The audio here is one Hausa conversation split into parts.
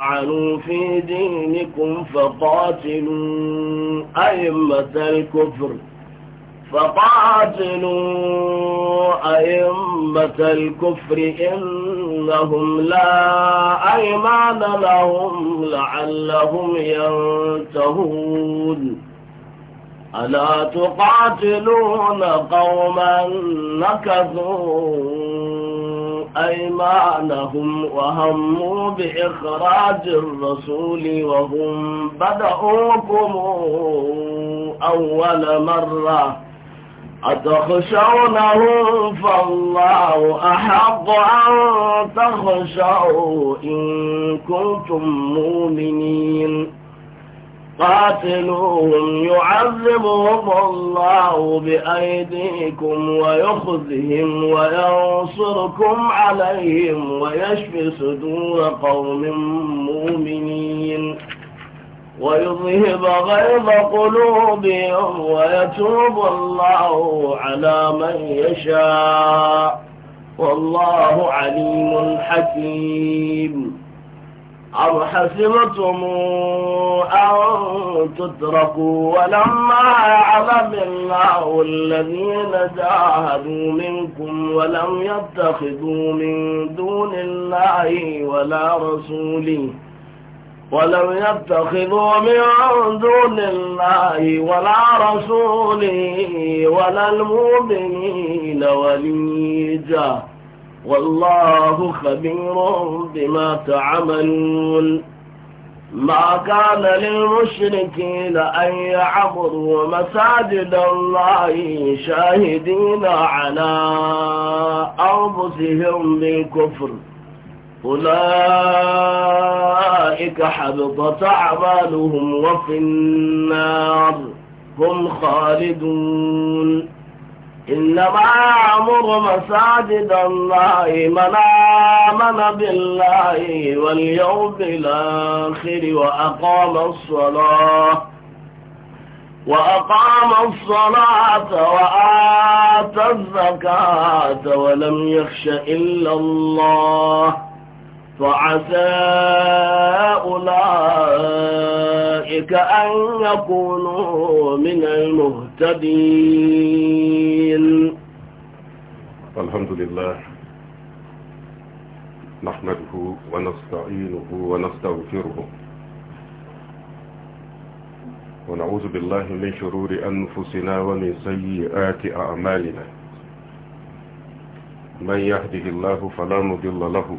عنوا في دينكم فقاتلوا أئمة الكفر فقاتلوا أئمة الكفر إنهم لا أيمان لهم لعلهم ينتهون ألا تقاتلون قوما نكثون أيمانهم وهموا بإخراج الرسول وهم بدأوكم أول مرة أتخشونهم فالله أحق أن تخشوا إن كنتم مؤمنين قاتلوهم يعذبهم الله بأيديكم ويخذهم وينصركم عليهم ويشف صدور قوم مؤمنين ويذهب غيظ قلوبهم ويتوب الله على من يشاء والله عليم حكيم أو حسبتم أن تتركوا ولما يعلم الله الذين جاهدوا منكم ولم يتخذوا من دون الله ولا رسوله ولم يتخذوا من دون الله ولا رسوله ولا المؤمنين وليجاً والله خبير بما تعملون ما كان للمشركين أن يعبروا مساجد الله شاهدين على أنفسهم بالكفر أولئك حبطت أعمالهم وفي النار هم خالدون إنما أمر مساجد الله من آمن بالله واليوم الآخر وأقام الصلاة وأقام الصلاة وآتى الزكاة ولم يخش إلا الله فعسى أولئك أن يكونوا من المهتدين الحمد لله نحمده ونستعينه ونستغفره ونعوذ بالله من شرور أنفسنا ومن سيئات أعمالنا من يهده الله فلا مضل له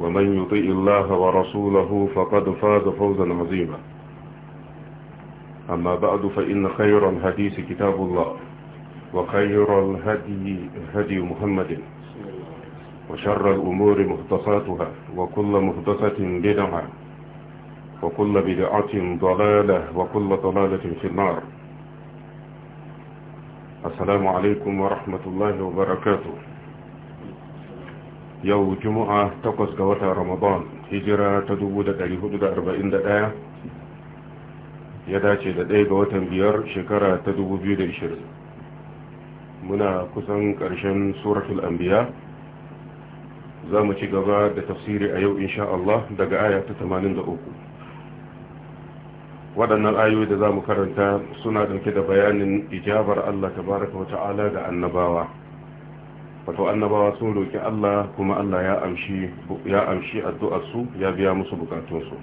ومن يطيع الله ورسوله فقد فاز فوزا عظيما أما بعد فإن خير الحديث كتاب الله وخير الهدي هدي محمد وشر الأمور مهدساتها وكل مهدسة بدعة وكل بدعة ضلالة وكل ضلالة في النار السلام عليكم ورحمة الله وبركاته yau juma'a takwas ga watan ramadan hijira ta 1441 ya dace da ɗaya ga watan biyar shekara ta 2020 muna kusan ƙarshen suratul anbiya za mu ci gaba da tafsiri a yau insha Allah daga aya ta 83 waɗannan ayoyi da za mu karanta suna ɗauke da bayanin ijabar Allah tabaraka wa ta'ala ga annabawa wato annabawa sun roki Allah kuma Allah ya amshi ya amshi addu'ar su ya biya musu bukatun su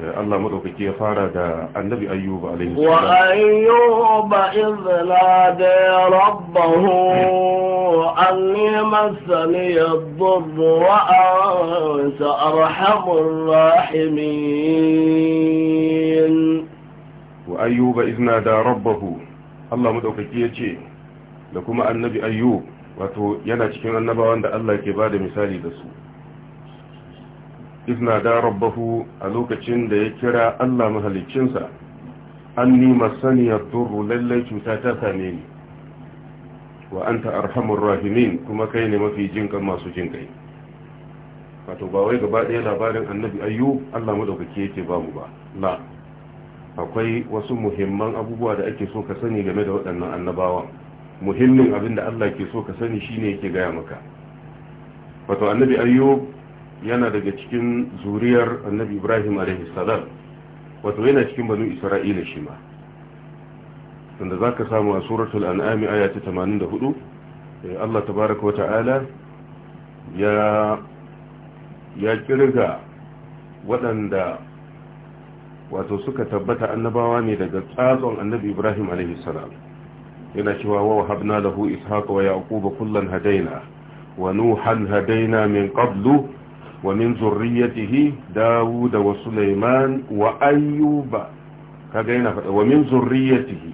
eh, Allah madaukaki ya fara da annabi ayyuba alaihi wa ayyuba izla da rabbahu anni masani yadur wa anta arhamur rahimin wa ayyuba izna da rabbahu Allah madaukaki ya ce da kuma annabi ayyub wato yana cikin annabawan da Allah ke bada misali da su izna da rabbahu a lokacin da ya kira Allah mahalicinsa an nima saniyar turu lallai cuta ta same ni wa anta arhamur rahimin kuma kai ne mafi jinkan masu jinkai wato ba wai gaba ɗaya labarin annabi ayyub Allah madaukake yake ba mu ba la akwai wasu muhimman abubuwa da ake so ka sani game da waɗannan annabawan muhimmin abin da Allah ke so ka sani shine yake gaya maka wato annabi ayyub yana daga cikin zuriyar annabi ibrahim alaihi salam wato yana cikin banu isra'ila shi ma wanda za ka samu a suratul an'ami aya ta 84 eh, Allah tabaraka wata'ala ya ya kirga waɗanda wato suka tabbata annabawa ne daga tsatson annabi ibrahim alaihi salam yana cewa wa habna lahu ishaq wa yaquba kullan hadaina wa nuhan hadaina min qablu wa min zurriyyatihi dawuda wa sulaiman wa ayyuba kaga yana faɗa wa min zurriyyatihi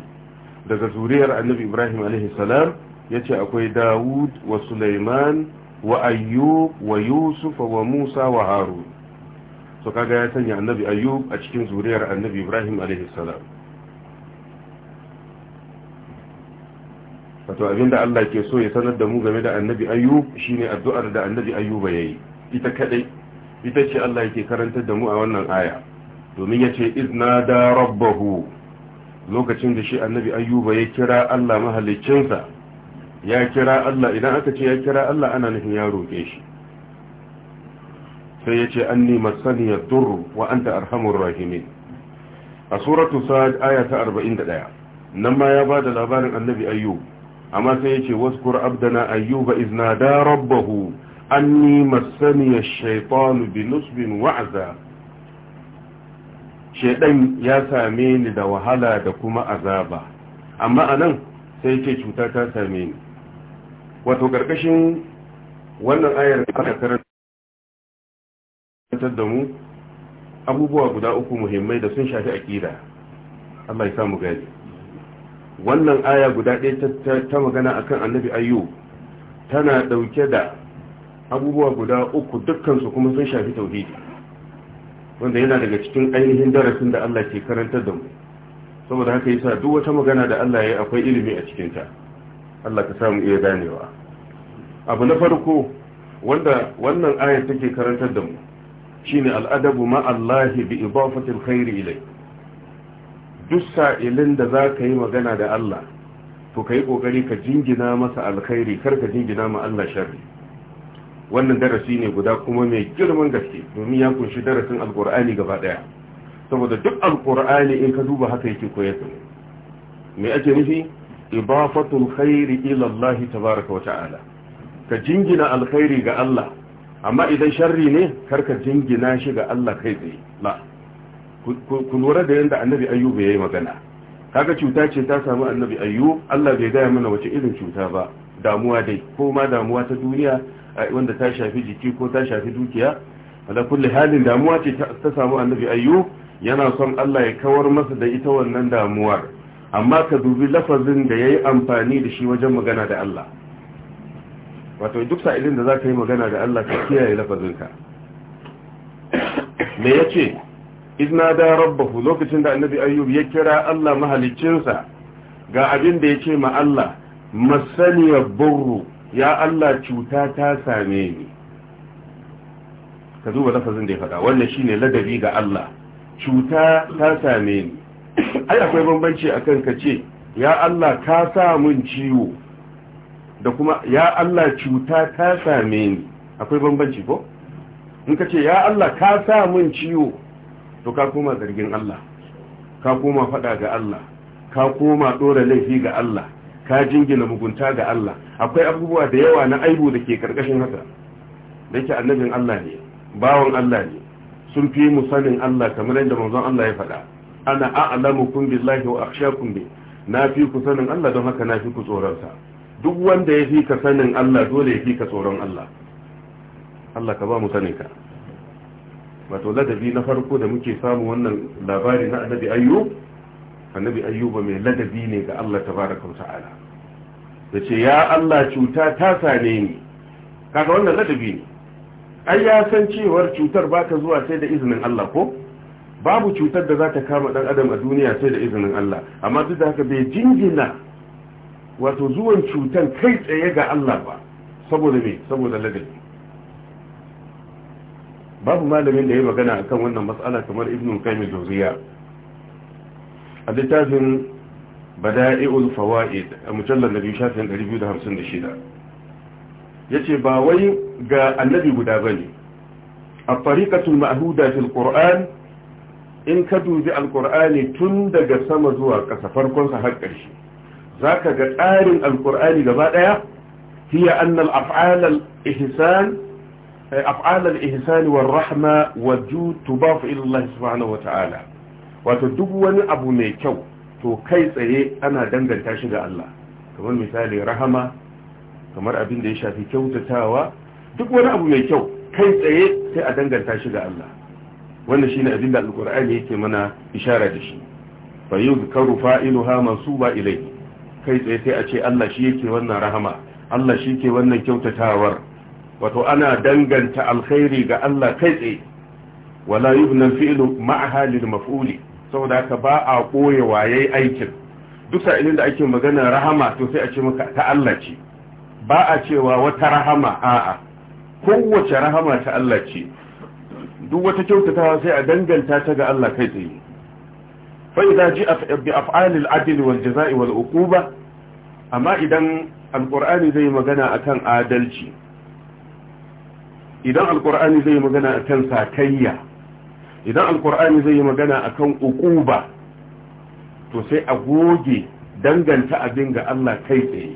daga zuriyar annabi ibrahim alaihi salam yace akwai dawud wa sulaiman wa ayyub wa yusuf wa musa wa harun so kaga ya sanya annabi ayyub a cikin zuriyar annabi ibrahim alaihi salam wato abinda Allah ke so ya sanar da mu game da annabi ayyub shine addu'ar da annabi ayyuba yayi ita kadai ita ce Allah yake karantar da mu a wannan aya domin yace da rabbahu lokacin da shi annabi ayyuba ya kira Allah mahallicinsa ya kira Allah idan aka ce ya kira Allah ana nufin ya roƙe shi sai ya ce anni masani ya duru wa an ta rahimin a suratu sa'ad aya ta 41 nan ma ya ba da labarin annabi ayyub amma sai yace waskur abdana ayyuba izna da rabbahu anni masani ash shaytan bi nusbin wa'za shedan ya same ni da wahala da kuma azaba amma anan sai yace cuta ta same ni wato karkashin wannan ayar da aka karantar da mu abubuwa guda uku muhimmai da sun shafi akida Allah ya samu gani wannan aya guda ɗaya ta magana akan annabi ayyu tana ɗauke da abubuwa guda uku dukkansu kuma sun shafi tauhidi wanda yana daga cikin ainihin darasin da Allah ke karantar da mu saboda haka yasa duk wata magana da Allah ya akwai ilimi a cikinta Allah ka samu iya ganewa abu na farko wanda wannan aya take karantar da mu shine al'adabu ma ma'allahi bi al khairi ilayhi duk sa'ilin da za ka yi magana da Allah to ka yi ƙoƙari ka jingina masa alkhairi kar ka jingina ma Allah sharri wannan darasi ne guda kuma mai girman gaske domin ya kunshi darasin alkur'ani gaba ɗaya saboda duk alkur'ani in ka duba haka yake koyar me ake nufi ibafatul khairi ila Allah tabaraka wa ta'ala ka jingina alkhairi ga Allah amma idan sharri ne kar ka jingina shi ga Allah kai tsaye la ku lura da yadda annabi ayyub ya yi magana kaga cuta ce ta samu annabi ayyub Allah bai gaya mana wace irin cuta ba damuwa dai ko ma damuwa ta duniya wanda ta shafi jiki ko ta shafi dukiya ala kulli halin damuwa ce ta samu annabi ayyub yana son Allah ya kawar masa da ita wannan damuwar amma ka dubi lafazin da yayi amfani da shi wajen magana da Allah wato duk sa'ilin da ka yi magana da Allah ka kiyaye lafazinka me yace izna da rabbahu lokacin da annabi ayyub ya kira Allah mahalicinsa ga abin da ya ce ma Allah masaniyar burru ya Allah cuta ta same ni ka duba lafazin da ya faɗa wannan shine ladabi ga Allah cuta ta same ni ai akwai bambanci akan ka ce ya Allah ka sa mun ciwo da kuma ya Allah cuta ta same ni akwai bambanci ko in ka ce ya Allah ka sa mun ciwo to ka koma zargin Allah ka koma fada ga Allah ka koma dora laifi ga Allah ka jingina mugunta ga Allah akwai abubuwa da yawa na aibu da ke karkashin haka dake annabin Allah ne bawon Allah ne sun fi mu sanin Allah kamar yadda manzon Allah ya faɗa ana alamu a'lamukum billahi wa akhshakum bi na fi ku sanin Allah don haka na fi ku tsoron sa duk wanda ya fi ka sanin Allah dole ya fi ka tsoron Allah Allah ka ba mu sanin ka wato ladabi na farko da muke samu wannan labari na annabi ayyub annabi ayyuba mai ladabi ne ga Allah tabaraka wa ta'ala yace ya Allah cuta ta same ni kaga wannan ladabi ne ai ya san cewar cutar ba ta zuwa sai da izinin Allah ko babu cutar da za ta kama dan adam a duniya sai da izinin Allah amma duk da haka bai jingina wato zuwan cutar kai tsaye ga Allah ba saboda me saboda ladabi babu malamin da ya magana akan wannan matsala kamar ibn qayyim jawziya a littafin bada'i'ul fawaid a mujallal 1956. ya ce yace ba wai ga annabi guda bane a tariqatul ma'huda fil in ka dubi alqur'ani tun daga sama zuwa ƙasa farkon har ƙarshe zaka ga tsarin alqur'ani gaba ɗaya hiya anna af'alal ihsan Eh, af'al al-ihsan wal rahma wal jud tudafu ila Allah subhanahu wata'ala wato duk wani abu mai kyau to kai tsaye ana danganta shi ga Allah kamar misali rahama kamar abin da ya shafi kyautatawa duk wani abu mai kyau kai tsaye sai a danganta shi ga Allah wannan shine abin da alqur'ani yake mana ishara da shi fa yuzkaru fa'iluha mansuba ilayhi kai tsaye sai a ce Allah shi yake wannan rahama Allah shi ke wannan kyautatawar wato ana danganta alkhairi ga Allah kai tsaye wala yubna fi'lu ma'aha lil maf'uli saboda haka ba a koye waye aikin duk sa'ilin da ake magana rahama to sai a ce maka ta Allah ce ba a cewa wata rahama a'a kowace rahama ta Allah ce duk wata kyautatawa sai a danganta ta ga Allah kai tsaye fa idza ji'a bi af'alil adl wal jazaa'i wal uquba amma idan alqur'ani zai magana akan adalci idan alkur'ani zai yi magana a kan sakayya idan alkur'ani zai yi magana a kan ukuba to sai a goge danganta abin ga Allah kai tsaye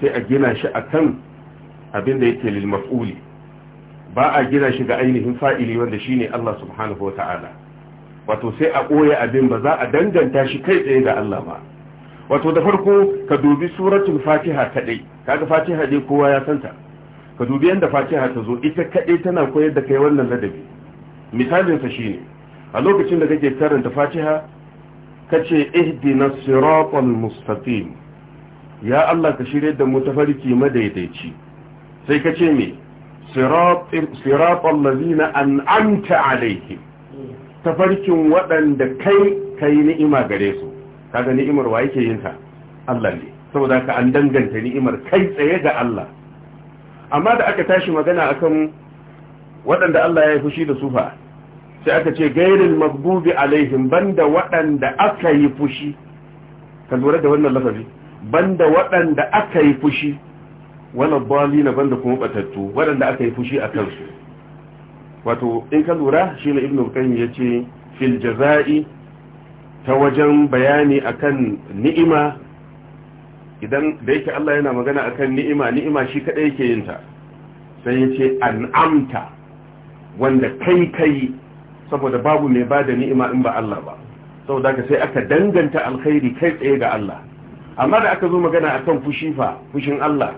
sai a gina shi a kan abin da yake lil mas'uli ba a gina shi ga ainihin fa'ili wanda ne Allah subhanahu wa ta'ala wato sai a ɓoye abin ba za a danganta shi kai tsaye ga Allah ba wato da farko ka dubi suratul fatiha kadai kaga fatiha dai kowa ya santa ka dubi yadda fatiha ta zo ita kaɗai tana koyar da kai wannan ladabi misalinsa shine a lokacin da kake karanta fatiha ka ce ihdina siratal mustaqim ya Allah ka shirye da mu tafarki madaidaici sai ka ce me siratal ladina an'amta alaihim tafarkin waɗanda kai kai ni'ima gare su kaga ni'imar wa yake yin ta Allah ne saboda ka an danganta ni'imar kai tsaye ga Allah amma da aka tashi magana akan waɗanda Allah ya yi fushi da sufa sai aka ce gairin magbubi alaihim banda waɗanda aka yi fushi ka lura da wannan lafazi banda waɗanda aka yi fushi wala balina banda kuma batattu waɗanda aka yi fushi a kansu wato in ka lura shi ne ibnu qayyim yace fil jaza'i ta wajen bayani akan ni'ima idan da yake Allah yana magana akan ni'ima ni'ima shi kadai yake yin ta sai ya ce an'amta wanda kai kai saboda babu mai bada ni'ima in ba Allah ba saboda ka sai aka danganta alkhairi kai tsaye ga Allah amma da aka zo magana akan fushi fa fushin Allah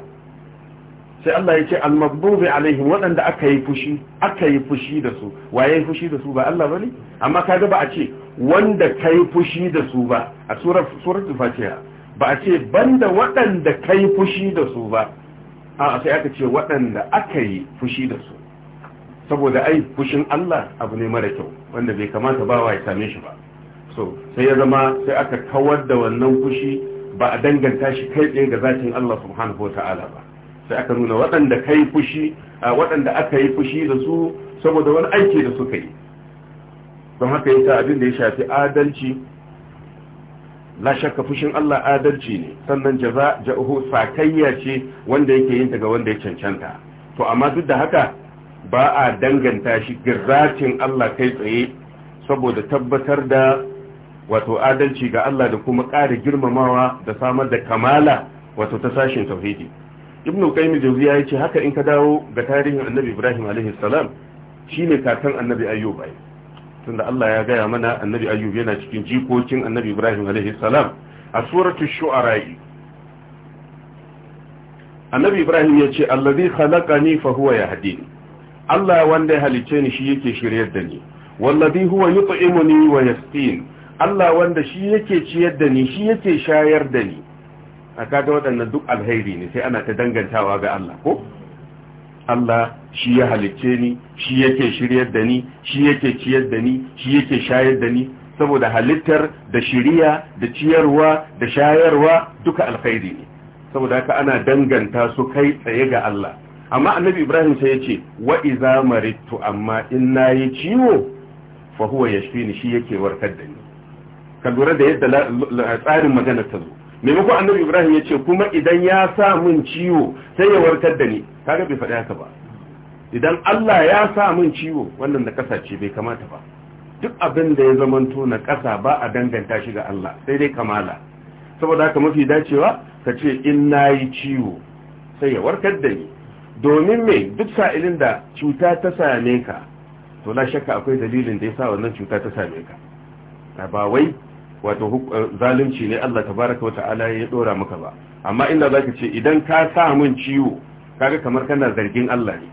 sai Allah ya ce al-maghdubi alaihim waɗanda aka yi fushi aka yi fushi da su waye fushi da su ba Allah bane amma kaga ba a ce wanda kai fushi da su ba a surar suratul ba a ce banda waɗanda ka yi fushi da su ba a sai aka ce waɗanda aka yi fushi da su saboda ai fushin Allah abu ne mara kyau wanda bai kamata ba wa ya same shi ba so sai ya zama sai aka kawar da wannan fushi ba a danganta shi kai tsaye ga zatin Allah subhanahu wata'ala ba sai aka nuna waɗanda kai fushi waɗanda aka yi fushi da su saboda wani aiki da suka yi don haka yasa abin da ya shafi adalci la shakka fushin Allah adalci ne sannan jaza ja'uhu sakayya ce wanda yake yin daga wanda ya cancanta to amma duk da haka ba a danganta shi girratin Allah kai tsaye saboda tabbatar da wato adalci ga Allah da kuma ƙara girmamawa da samar da kamala wato ta sashin tauhidi ibnu qayyim jawziya ya ce haka in ka dawo ga tarihin annabi ibrahim alaihi salam shine kakan annabi ayyub tunda Allah ya gaya mana annabi ayyub yana cikin jikokin annabi ibrahim alaihi salam a suratul shu'ara annabi ibrahim ya ce allazi khalaqani fa huwa yahdini Allah wanda ya halice ni shi yake shiryar da ni wallazi huwa yut'imuni wa yasqin Allah wanda shi yake ciyar da ni shi yake shayar da ni a kaga waɗannan duk alheri ne sai ana ta dangantawa ga Allah ko Allah shi ya halicce ni shi yake shiryar da ni shi yake ciyar da ni shi yake shayar da ni saboda halittar da shirya da ciyarwa da shayarwa duka alkhairi ne saboda haka ana danganta su kai tsaye ga Allah amma annabi Ibrahim sai ya ce wa iza maritu amma in nayi ciwo fa huwa yashfini shi yake warkar da ni ka lura da yadda tsarin magana ta zo maimakon annabi ibrahim ya ce kuma idan ya sa min ciwo sai ya warkar da ni kaga bai faɗi haka ba idan allah ya sa min ciwo wannan na ƙasa ce bai kamata ba duk abin da ya zamanto na ƙasa ba a danganta shi ga allah sai dai kamala saboda haka mafi dacewa ka ce in na yi ciwo sai ya warkar da ni domin mai duk sa'ilin da cuta ta same ka to la shakka akwai dalilin da ya sa wannan cuta ta same ka ba wai wato eh, zalunci ne Allah tabaraka wata'ala ya dora maka ba amma inda zaka ce idan ka sa min ciwo kaga kamar kana zargin Allah ne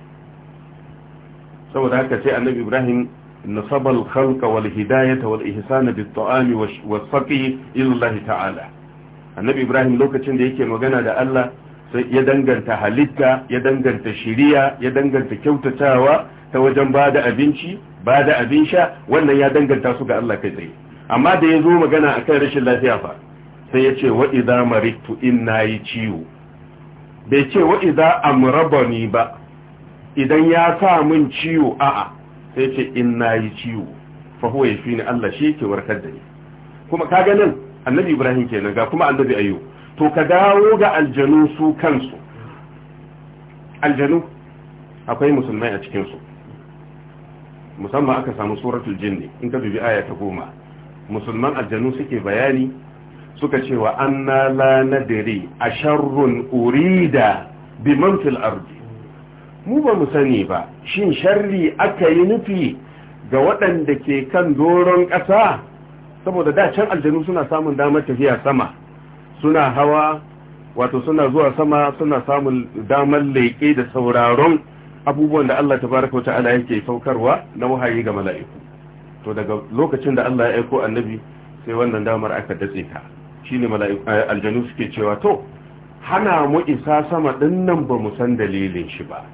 saboda haka sai annabi Ibrahim nasaba al-khalqa wal hidayata wal ihsana bit ta'ami was saqi ta'ala annabi Ibrahim lokacin da yake magana da Allah sai ya danganta halitta ya danganta shiriya ya danganta kyautatawa ta wajen bada abinci bada abin sha wannan ya danganta su ga Allah kai tsaye amma da ya zo magana akan rashin lafiya fa sai ya ce wa maritu in nayi ciwo bai ce wa idza amrabani ba idan ya sa min ciwo a sai ce in nayi ciwo fa huwa ni Allah shi ke warkar da ni kuma kaga nan annabi Ibrahim kenan ga kuma annabi ayyu to ka dawo ga aljanu su kansu aljanu akwai musulmai a cikinsu musamman aka samu suratul jinni in ka dubi aya ta goma musulman aljanu suke bayani suka ce wa anna la nadiri a sharrun urida bi man ardi mu ba mu sani ba shin sharri aka yi nufi ga waɗanda ke kan doron ƙasa saboda da can aljanu suna samun damar tafiya sama suna hawa wato suna zuwa sama suna samun damar leƙe da sauraron abubuwan da Allah ta wa ta'ala yake saukarwa na wahayi ga mala'iku to daga lokacin da Allah ya aiko annabi sai wannan damar aka datse ta shine eh, aljanu suke cewa to hana mu isa sama dinnan nan ba mu san dalilin shi ba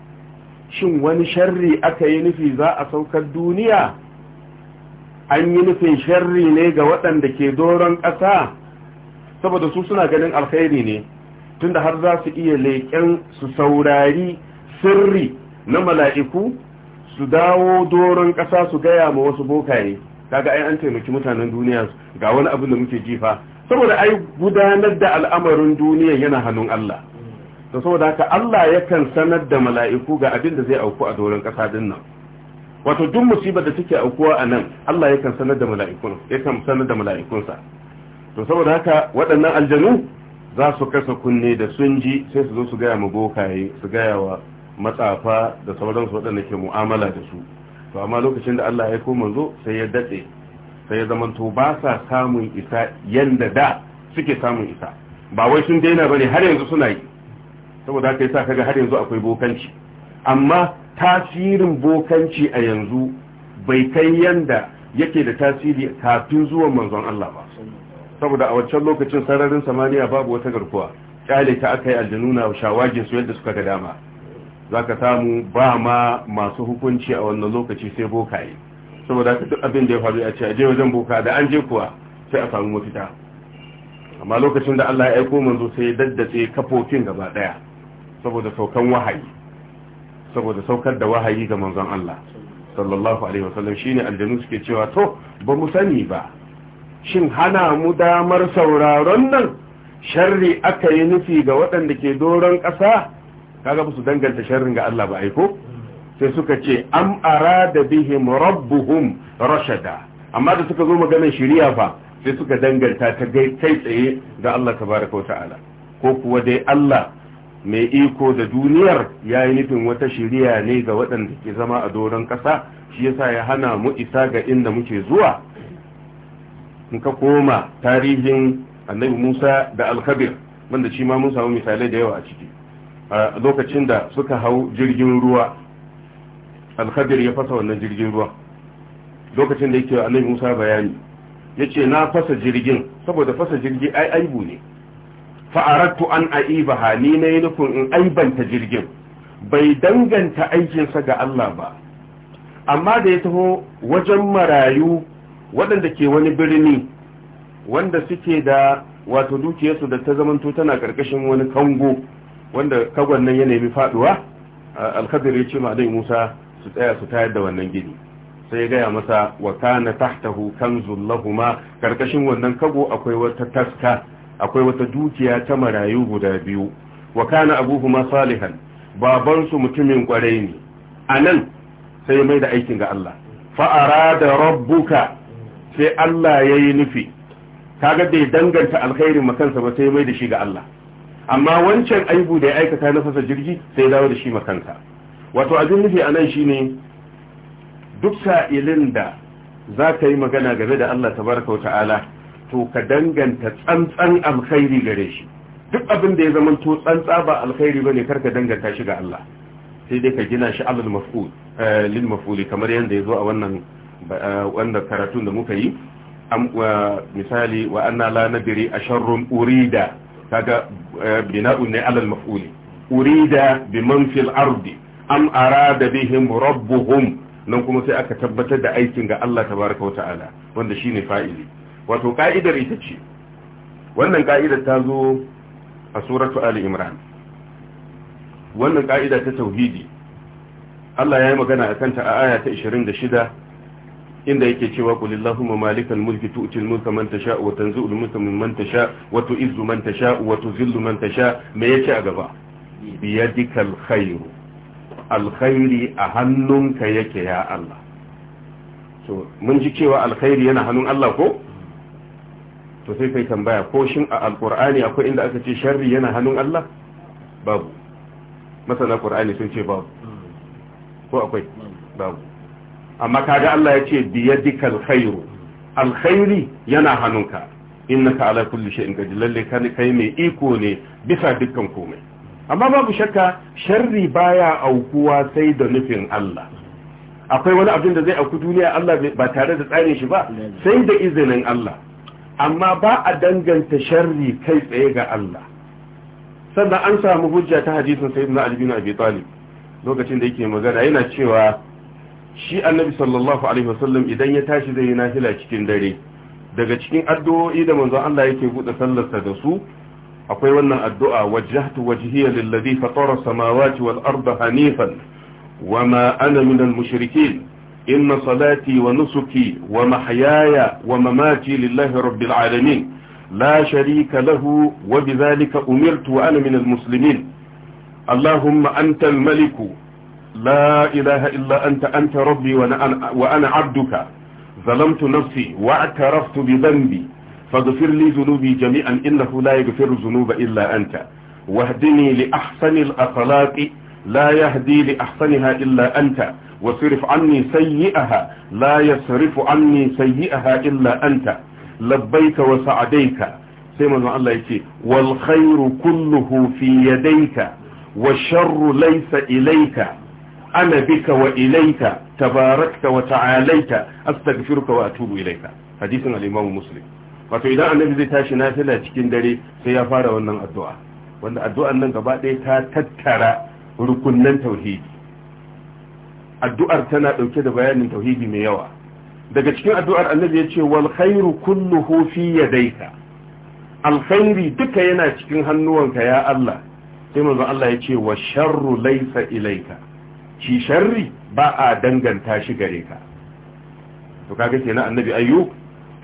shin wani sharri aka yi nufi za a saukar duniya an yi nufin sharri ne ga waɗanda ke doron ƙasa saboda su suna ganin alkhairi ne tunda har za su iya leƙen su saurari sirri na mala'iku su dawo doron ƙasa su gaya ma wasu bokaye kaga ai an taimaki mutanen duniya ga wani abin da muke jifa saboda ai gudanar da al'amarin duniya yana hannun Allah to saboda haka Allah yakan sanar da mala'iku ga abin da zai auku a doron ƙasa din nan wato duk musibar da take aukuwa a nan Allah yakan sanar da mala'ikun yakan sanar da mala'ikunsa to saboda haka waɗannan aljanu za su kasa kunne da sun ji sai su zo su gaya ma bokaye su gaya wa matsafa da sauransu waɗanda ke mu'amala da su to amma lokacin da Allah ya koma zo sai ya datse sai ya zama to ba sa samun isa yanda da suke samun isa ba wai sun daina bane har yanzu suna yi saboda haka yasa kaga har yanzu akwai bokanci amma tasirin bokanci a yanzu bai kai yanda yake da tasiri kafin zuwan manzon Allah ba saboda a wancan lokacin sararin samaniya babu wata garkuwa kyale ta aka yi aljanuna shawagin su yadda suka ga dama za ka samu ba ma masu hukunci a wannan lokaci sai bokaye saboda ka duk abin da ya faru a ce a je wajen boka da an je kuwa sai a samu mafita amma lokacin da Allah ya aiko manzo sai ya daddace kafofin gaba daya saboda saukan wahayi saboda saukar da wahayi ga manzon Allah sallallahu alaihi wasallam shine aljanu suke cewa to ba mu sani ba shin hana mu damar sauraron nan sharri aka yi nufi ga waɗanda ke doron ƙasa kaga ba su danganta sharrin ga Allah ba aiko sai suka ce am arada bihim rabbuhum rashada amma da suka zo maganar shari'a fa sai suka danganta ta gai kai tsaye da Allah tabaraka ta'ala ko kuwa dai Allah mai iko da duniyar ya yi nufin wata shari'a ne ga waɗanda ke zama a doron ƙasa shi yasa ya hana mu isa ga inda muke zuwa in ka koma tarihin annabi Musa da Alkabir wanda shi ma mun samu misalai da yawa a ciki lokacin da suka hau jirgin ruwa alkhadir ya fasa wannan jirgin ruwa lokacin da yake annabi Musa bayani yace na fasa jirgin saboda fasa jirgi ai aibu ne fa aradtu an aibaha ni ne nufin in aibanta jirgin bai danganta aikinsa ga Allah ba amma da ya taho wajen marayu waɗanda ke wani birni wanda suke da wato dukiyarsu da ta zamanto tana ƙarƙashin wani kango wanda kagon nan ya nemi faduwa alkhadir ya ce ma dai musa su tsaya su tayar da wannan gini sai ya gaya masa wa kana tahtahu kanzul lahuma karkashin wannan kago akwai wata taska akwai wata dukiya ta marayu guda biyu wa kana abuhuma salihan baban su mutumin kwarai ne anan sai mai da aikin ga Allah fa arada rabbuka sai Allah yayi nufi kaga bai danganta alkhairi makansa ba sai mai da shi ga Allah amma wancan aibu da ya aikata na fasa jirgi sai dawo da shi makanta wato abin nufi a nan shine duk sa'ilin da za ka yi magana game da Allah tabaraka wa ta'ala to ka danganta tsantsan alkhairi gare shi duk abin da ya zama to tsantsa ba alkhairi bane kar ka danganta shi ga Allah sai dai ka gina shi alal maf'ul eh, lil maf'uli kamar yanda a wannan eh, wanda karatun da muka yi misali wa anna la nadri asharrun urida kaga eh, bina'un ne alal maf'uli urida bi man fil ardi am arada bihim rabbuhum nan kuma sai aka tabbatar da aikin ga Allah tabaraka wa ta'ala wanda shine fa'ili wato ka'idar ita ce wannan ka'idar ta zo a suratu ali imran wannan ka'ida ta tauhidi Allah ya yi magana a kanta a aya ta 26 inda yake cewa qul allahumma malikal mulki tu'til mulka man tasha wa tanzi'ul mulka mimman tasha wa tu'izzu man tasha wa tuzillu man tasha me yace a gaba biyadikal khair alkhairi a hannunka yake ya Allah so mun ji cewa alkhairi yana hannun Allah ko to sai kai tambaya ko shin a alqur'ani akwai inda aka ce sharri yana hannun Allah babu masana qur'ani sun ce babu ko akwai babu amma kaga Allah ya ce biyadika alkhairu alkhairi yana hannunka innaka ala kulli shay'in qadir lalle kai mai iko ne bisa dukkan komai amma babu shakka sharri baya aukuwa sai da nufin Allah akwai wani abin da zai auku duniya Allah ba tare da tsarin shi ba sai da izinin Allah amma ba a danganta sharri kai tsaye ga Allah sannan an samu hujja ta hadisin sayyidina Ali bin Abi Talib lokacin da yake magana yana cewa shi annabi sallallahu alaihi wasallam idan ya tashi zai yi nafila cikin dare daga cikin addu'o'i da manzon Allah yake buɗe sallarsa da su akwai wannan addu'a wajjahtu wajhiya lilladhi fatara samawati wal arda hanifan wama ana minal mushrikeen inna salati wa nusuki wa mahyaya wa mamati lillahi rabbil alamin la sharika lahu wa bidhalika umirtu wa ana minal muslimin allahumma antal maliku لا إله إلا أنت أنت ربي وأنا عبدك ظلمت نفسي واعترفت بذنبي فاغفر لي ذنوبي جميعا إنه لا يغفر الذنوب إلا أنت واهدني لأحسن الأخلاق لا يهدي لأحسنها إلا أنت وصرف عني سيئها لا يصرف عني سيئها إلا أنت لبيك وسعديك سيما الله يتي والخير كله في يديك والشر ليس إليك ana bika wa ilaika tabarakta wa ta'alaita astaghfiruka wa atubu ilaika hadisin al-Imam Muslim wato idan annabi zai tashi nafila cikin dare sai ya fara wannan addu'a wanda addu'an nan gaba ɗaya ta tattara rukunnan tauhidi addu'ar tana ɗauke da bayanin tauhidi mai yawa daga cikin addu'ar annabi ya ce wal khairu kulluhu fi yadayka alkhairi duka yana cikin hannuwanka ya Allah sai manzo Allah ya ce wa sharru laysa ilaika. shi sharri ba a danganta shi gare ka to kaga kenan annabi ayyub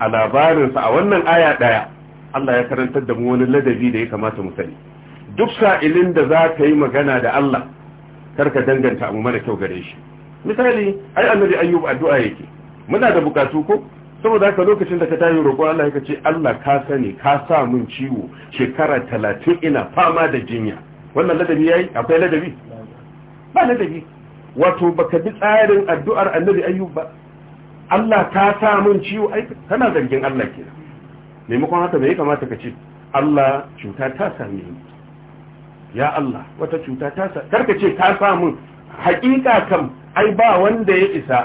a labarinsa a wannan aya daya Allah ya karantar da mu wani ladabi da ya kamata mu sani duk sa'ilin da za ka yi magana da Allah karka danganta mu mara kyau gare shi misali ai annabi ayyub addu'a yake muna da bukatu ko saboda haka lokacin da ka tayi roƙo Allah ya ce Allah ka sani ka sa mun ciwo shekara 30 ina fama da jinya wannan ladabi yayi akwai ladabi ba ladabi wato baka bi tsarin addu'ar annabi ayyub ba Allah ta sa mun ciwo ai kana zargin Allah ke. maimakon haka bai kamata ka ce Allah cuta ta same ni ya Allah wata cuta ta sa karka ce ta samu hakika kam ai ba wanda ya isa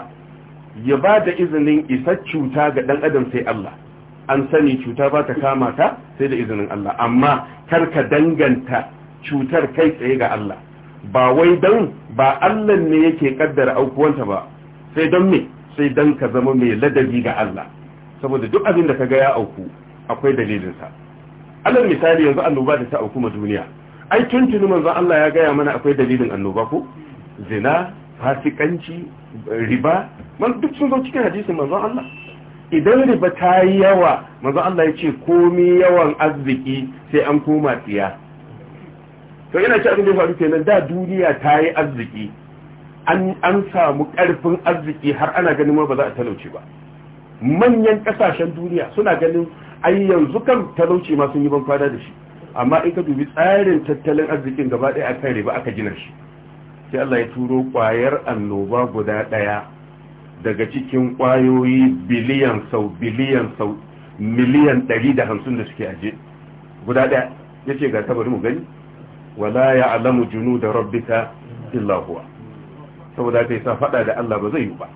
ya ba da izinin isa cuta ga dan adam sai Allah an sani cuta ba ta kama ta sai da izinin Allah amma karka danganta cutar kai tsaye ga Allah ba wai dan ba Allah ne yake kaddara aukuwanta ba sai don me sai dan ka zama mai ladabi ga Allah saboda duk abin da ka ga ya auku akwai dalilinsa Allah misali yanzu annoba da ta auku ma duniya ai tuntuni manzo Allah ya gaya mana akwai dalilin annoba ko zina fasikanci riba man duk sun zo cikin hadisin manzo Allah idan riba ta yawa manzo Allah ya ce komi yawan arziki sai an koma tsiya to ina ci abin da ya faru kenan da duniya ta yi arziki an samu karfin arziki har ana ganin ma ba za a talauci ba manyan kasashen duniya suna ganin ai yanzu kan talauci ma sun yi ban fada da shi amma in ka dubi tsarin tattalin arzikin gaba ɗaya akan riba aka gina shi sai Allah ya turo kwayar annoba guda ɗaya daga cikin kwayoyi biliyan sau biliyan sau miliyan 150 da suke aje guda ɗaya yace ga bari mu gani wala ya ya'lamu junuda rabbika illa huwa saboda kai sa fada da Allah ba zai yi ba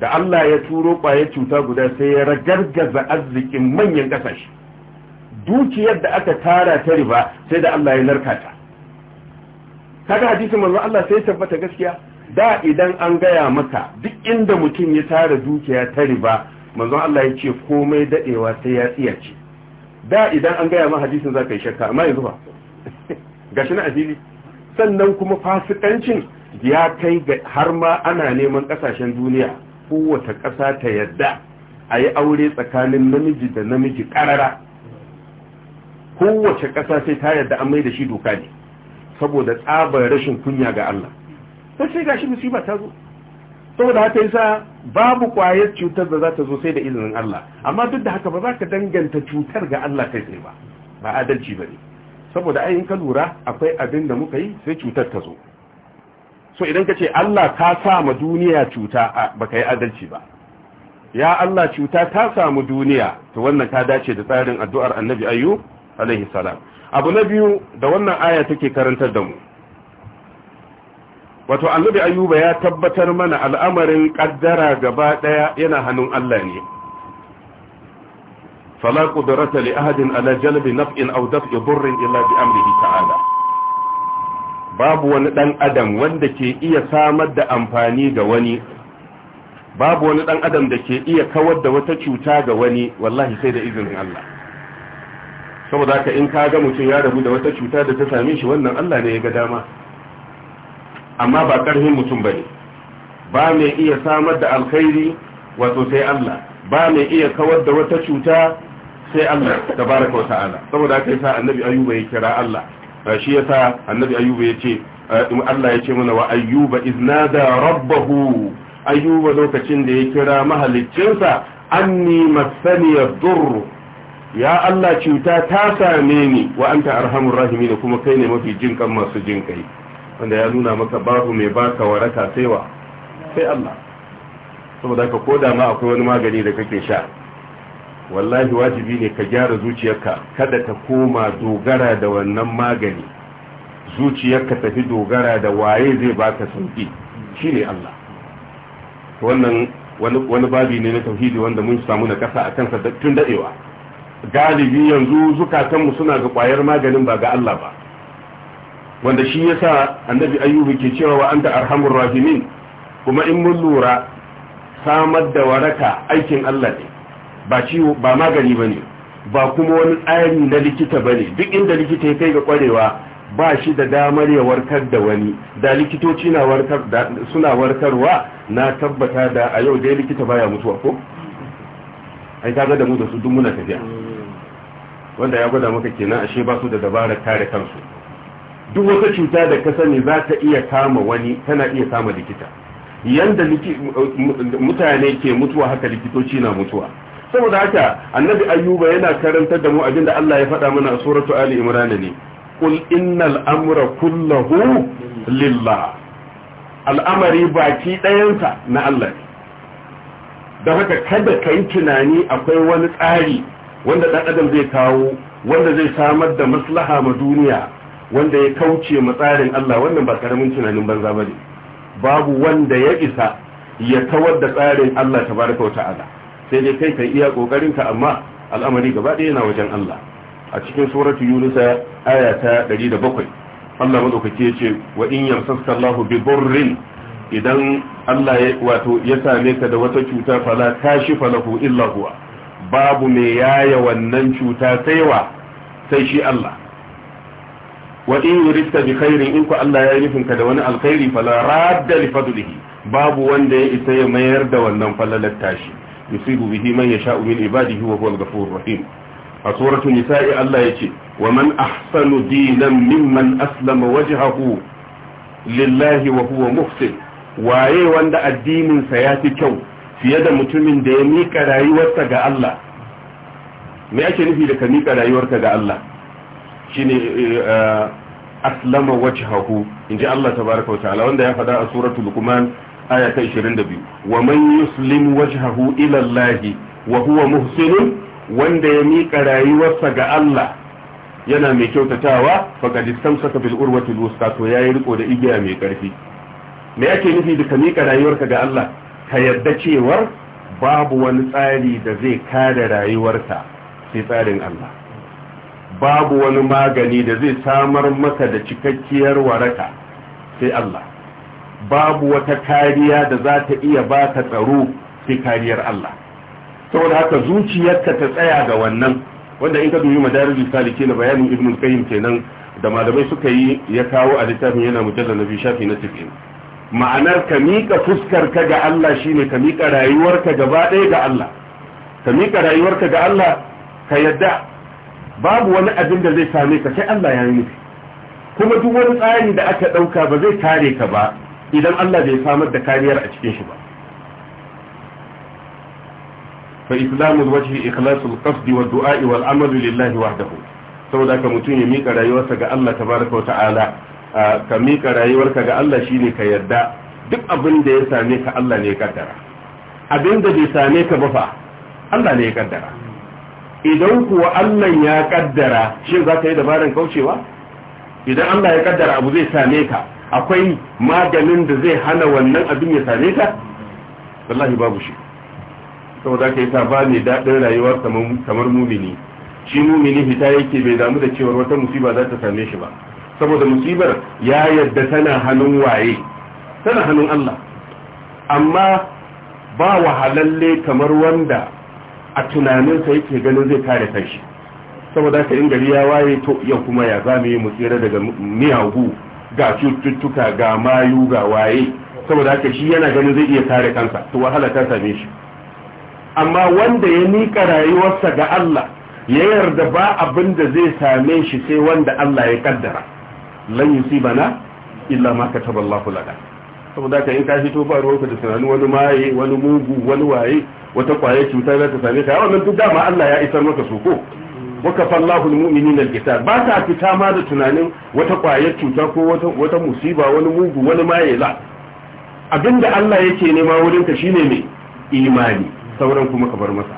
da Allah ya turo kwaye cuta guda sai ya ragargaza arzikin manyan kasashe dukiyar da aka tara ta riba sai da Allah ya narkata kaga hadisi manzo Allah sai tabbata gaskiya da idan an gaya maka duk inda mutum ya tara dukiya ta riba manzo Allah ya ce komai dadewa sai ya tsiyace da idan an gaya ma hadisin zaka yi shakka amma yanzu ba gashi na azili sannan kuma fasikancin ya kai har ma ana neman kasashen duniya kowace kasa ta yadda a yi aure tsakanin namiji da namiji ƙarara kowace kasa sai ta yadda an mai da shi doka ne saboda tsabar rashin kunya ga Allah sai sai gashi musiba ta zo saboda haka yasa babu kwayar cutar da za ta zo sai da izinin Allah amma duk da haka ba za ka danganta cutar ga Allah kai tsaye ba ba adalci ba ne saboda ayin ka lura akwai abin da muka yi sai cutar ta zo so idan ka ce Allah ka sa ma duniya cuta baka yi adalci ba ya Allah cuta ta samu duniya to wannan ta dace da tsarin addu'ar annabi ayyu alaihi salam abu na biyu da wannan aya take karantar da mu wato annabi ayyuba ya tabbatar mana al'amarin kaddara gaba daya yana hannun Allah ne فلا قدرة لأهد على جلب نفع أو دفع ضر إلا بأمره تعالى باب wani أدم adam wanda ke iya samar da amfani ga wani إيا wani ɗan adam da ke iya kawar da wata cuta ga wani wallahi sai da izinin Allah saboda in ka ga mutum ya rabu da wata cuta da ta same shi wannan Allah ne ya ga dama amma ba ƙarfin mutum ba ne. ba mai iya samar da alkhairi wato sai Allah ba mai iya kawar da wata cuta sai Allah tabaraka wa ta'ala saboda haka yasa annabi ayyuba ya kira Allah shi yasa annabi ayyuba ya ce eh, Allah ya ce mana wa ayyuba iznada rabbahu ayyuba lokacin da ya kira mahaliccinsa anni masani yadur ya Allah cuta ta same ni wa anta arhamur rahimin kuma kai ne mafi jinkan masu jinkai wanda ya nuna maka babu mai baka waraka saiwa sai Allah saboda haka ko da ma akwai wani magani da kake sha wallahi wajibi ne ka gyara zuciyarka kada ta koma dogara da wannan magani zuciyarka tafi dogara da waye zai baka sauki shine Allah wani babi ne na tauhidi wanda mun samu na kasa a kansa tun dadewa galibi yanzu zukatanmu suna ga kwayar maganin ba ga Allah ba wanda shi yasa annabi ayyubu ke cewa wa anta arhamur rahimin kuma in mun lura samar da waraka aikin Allah ne ba ciwo ba magani bane ba kuma wani tsari na likita bane duk inda likita ya kai ga kwarewa ba shi da damar ya warkar da wani da likitoci suna warkarwa na tabbata da a yau dai likita baya mutuwa ko ai da mu da su duk muna tafiya wanda ya gwada maka kenan ashe ba su da dabarar kare kansu duk wata cuta da ka sani za ta iya kama wani tana iya kama likita yanda mutane ke mutuwa haka likitoci na mutuwa saboda haka annabi ayyuba yana karantar da mu abinda Allah ya faɗa mana a suratu ali imran ne qul innal amra kulluhu lillah al'amari baki ɗayansa na Allah da haka kada ka yi tunani akwai wani tsari wanda ɗan adam zai kawo wanda zai samar da maslaha ma duniya wanda ya kauce ma tsarin Allah wannan ba karamin tunanin banza bane babu wanda ya isa ya kawar da tsarin Allah tabaraka wa ta'ala sai dai kai ka iya kokarin ka amma al'amari gaba ɗaya yana wajen Allah a cikin suratu yunus aya ta 107 Allah madaukake ya ce wa in yamsaka Allahu bi burrin idan Allah ya wato ya same ka da wata cuta fala kashifa lahu illa huwa babu mai yaya wannan cuta saiwa sai shi Allah wa in yuridka bi khairin in ku Allah ya nufin ka da wani alkhairi fala radda li fadlihi babu wanda ya isa ya mayar da wannan falalar tashi yusibu bihi man yasha'u min ibadihi wa huwal ghafurur rahim a suratul wa man ahsanu dinan mimman aslama wajhahu lillahi wa huwa waye wanda addinin sa yafi kyau fiye da mutumin da ya mika rayuwarsa ga Allah me ake nufi da ka mika rayuwarka ga Allah shine eh, eh, aslama wajhahu inji Allah tabaaraka wa ta'ala wanda ya faɗa a suratul luqman aya 22 wa man yuslim wajhahu ila Allah wa huwa muhsin wanda ya miƙa rayuwarsa ga Allah yana mai kyautatawa faqad istamsaka bil urwati al to yayi riko da igiya mai karfi me yake nufi da ka mika rayuwarka ga Allah ka yarda cewar babu wani tsari da zai kare rayuwarka sai tsarin Allah babu wani magani da zai samar maka da cikakkiyar waraka sai Allah babu wata kariya da za ta iya ba ka tsaro sai kariyar Allah saboda haka zuciyarka ta tsaya ga wannan wanda in ka dubi madarijin saliki na bayanin ibn qayyim kenan da malamai suka yi ya kawo a littafin yana mujallar na shafi na tikin ma'anar ka miƙa fuskar ka ga Allah shine ka miƙa rayuwarka gaba ɗaya ga Allah ka miƙa rayuwarka ga Allah ka yadda babu wani abin da zai same ka sai Allah ya yi nufi kuma duk wani tsari da aka ɗauka ba zai kare ka ba idan Allah bai samar da kariyar a cikin shi ba fa islamu wajhi ikhlasul qasdi wa du'a wa amalu lillahi wahdahu saboda ka mutum ya mika rayuwarsa ga Allah tabaraka wa ta'ala ka mika rayuwarka ga Allah shine ka yarda duk abin da ya same ka Allah ne ya kaddara abin da bai same ka ba fa Allah ne ya kaddara idan kuwa Allah ya kaddara shin za ka yi dabaran kaucewa idan Allah ya kaddara abu zai same ka akwai maganin da zai hana wannan abin ya same ka wallahi babu shi saboda kai sa ba ne daɗin rayuwar kamar mumini shi mumini fita yake bai damu da cewar wata musiba za ta same shi ba saboda musibar ya yarda tana hannun waye tana hannun Allah amma ba wahalalle kamar wanda a tunaninsa yake ganin zai kare kanshi saboda ka in gari ya waye to yau kuma ya za mu yi mu daga miyagu ga cututtuka ga mayu ga waye saboda haka shi yana ganin zai iya kare kansa to wahala ta same shi amma wanda ya nika rayuwarsa ga Allah ya yarda ba abin da zai same shi sai wanda Allah ya kaddara lan yusibana illa ma kataba Allah lana saboda haka in ka fito ba ruwanka da tunani wani maye wani mugu wani waye wata kwaye cuta za ta same ka wannan duk dama Allah ya isar maka su ko waka fallahu na gita ba ta fita ma da tunanin wata kwayar cuta ko wata wata musiba wani mugu wani mayela abinda Allah yake nema wurin ka shine ne imani sauran kuma ka bar masa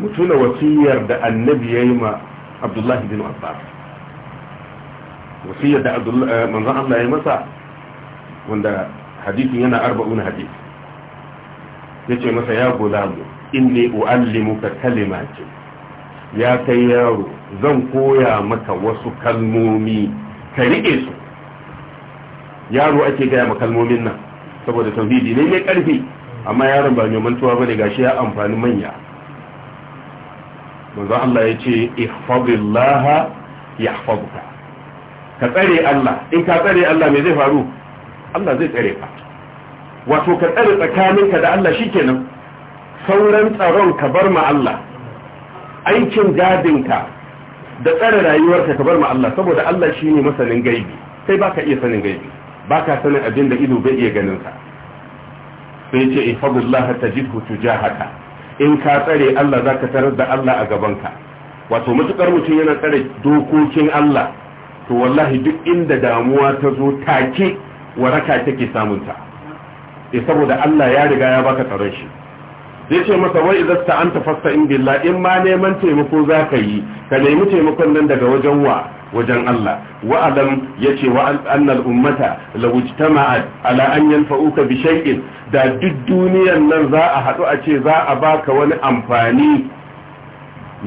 mutuna wasiyar da annabi yayi ma Abdullahi bin Abbas wasiyar da eh, manzon Allah ya masa wanda hadisin yana 40 hadisi yace masa ya gulamu inni uallimuka kalimatin ya kai yaro zan koya maka wasu kalmomi ka riƙe su yaro ake gaya ma kalmomin nan saboda tauhidi ne mai ƙarfi amma yaron ba neman tuwa bane gashi ya amfani manya manzo Allah ya ce ihfazillah yahfazuka ka tsare Allah in ka tsare Allah me zai faru Allah zai tsare ka wato ka tsare tsakaninka da Allah shikenan sauran tsaron ka bar ma Allah aikin gadinka da tsare rayuwarka ka bar ma Allah saboda Allah shi ne masanin gaibi sai ba ka iya sanin gaibi ba ka sanin abin da ido bai iya ganin sa sai ce ta tajidhu tujahaka in ka tsare Allah zaka tarar da Allah a gabanka wato matukar mutum yana tsare dokokin Allah to wallahi duk inda damuwa ta zo take waraka take samunta sai eh, saboda Allah ya riga ya baka tsaron shi ya ce masa wai idan ta anta fasta in billah in ma neman taimako za ka yi ka nemi taimakon nan daga wajen wa wajen Allah wa alam yace wa annal ummata law ijtama'at ala an yanfa'uka bi shay'in da duk duniyar nan za a hadu a ce za a baka wani amfani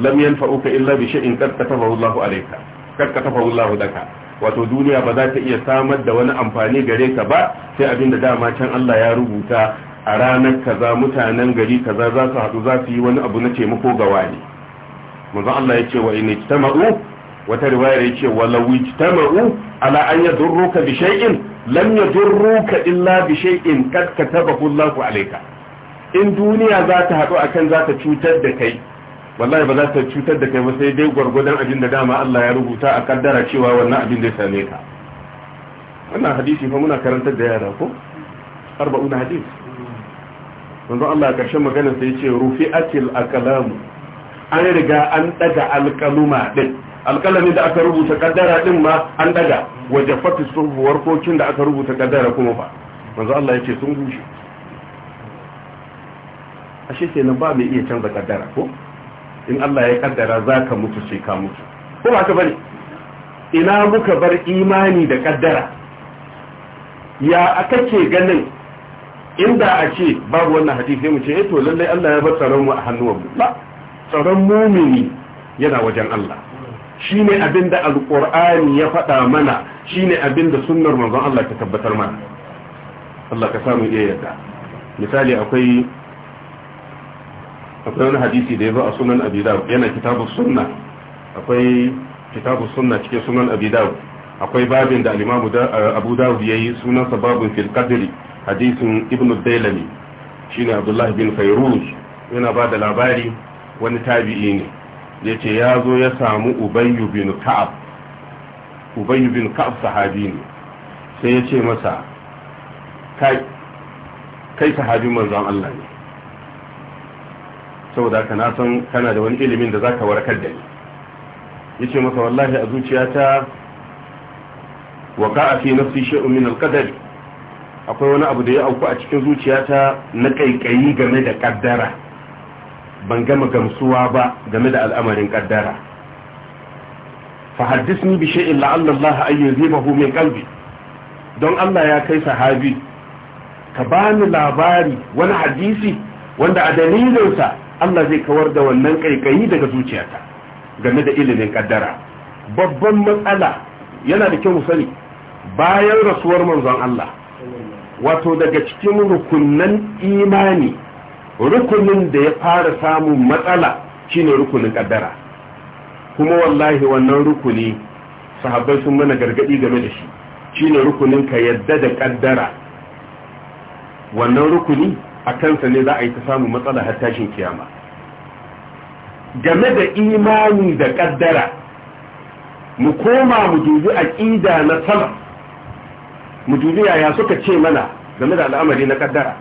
lam yanfa'uka illa bi shay'in qad katabahu Allahu alayka qad katabahu Allahu wato duniya ba za ta iya samar da wani amfani gare ka ba sai abin da dama can Allah ya rubuta a ranar kaza mutanen gari kaza za su haɗu za su yi wani abu na taimako ga wani manzo Allah ya ce wa in ijtama'u wata riwaya ya ce wa law ijtama'u ala an yadurruka bi shay'in lam yadurruka illa bi shay'in kad katabahu Allahu alayka in duniya za ta haɗu akan za ta cutar da kai wallahi ba za ta cutar da kai ba sai dai gwargwadon abin da dama Allah ya rubuta a kaddara cewa wannan abin zai same ka wannan hadisi fa muna karantar da yara ko arba'una hadisi manzo Allah a ƙarshen maganar sai ce rufi akil akalamu an riga an daga alkaluma din alkalami da aka rubuta kaddara din ma an daga waje fatis suhuwar kokin da aka rubuta kaddara kuma ba. manzo Allah yace sun rushe ashe kenan ba mai iya canza kaddara ko in Allah ya kaddara zaka mutu sai ka mutu ko ba ka bari? ina muka bar imani da kaddara ya kake ganin inda a ce babu wannan hadisi mu ce eh to lallai Allah ya bar tsaron a hannuwan mu ba tsaron mumini yana wajen Allah shine da alqur'ani ya faɗa mana shine da sunnar manzon Allah ta tabbatar mana Allah ka samu iya yadda. misali akwai akwai wani hadisi da ya zo a sunan abi yana kitabu sunna akwai kitabu sunna cikin sunan abi akwai babin da al-imamu abu dawud yayi sunan sababun fil qadri hadisin ibn shi shine abdullah bin fairuz yana ba da labari wani tabi'i ne ya ce ya zo ya samu ubayyu bin ka'ab ubayyu bin ka'ab sahabi ne sai ya ce masa kai sahabin manzon Allah ne saboda ka na san kana da wani ilimin da zaka warkar da ni yace masa wallahi a zuciyata ta fi nafsi shay'un min al akwai wani abu da ya auku a cikin zuciyata na kaikayi game da kaddara ban gama gamsuwa ba game da al'amarin kaddara fa haddisni bi shay'in la'alla Allah an yuzibahu min qalbi don Allah ya kai sahabi ka bani labari wani hadisi wanda a dalilinsa Allah zai kawar da wannan kaikayi daga zuciyata game da ilimin kaddara babban matsala yana da kyau mu sani bayan rasuwar manzon Allah wato daga cikin rukunan imani rukunin da ya fara samun matsala shine rukunin kaddara kuma wallahi wannan rukuni sahabbai sun mana gargadi game da shi shine rukunin ka yadda da kaddara wannan rukuni a kansa ne za a yi ta samun matsala har tashin kiyama game da imani da kaddara mu koma mu dubi aqida na salaf mu ya yaya suka ce mana game da al'amari na kaddara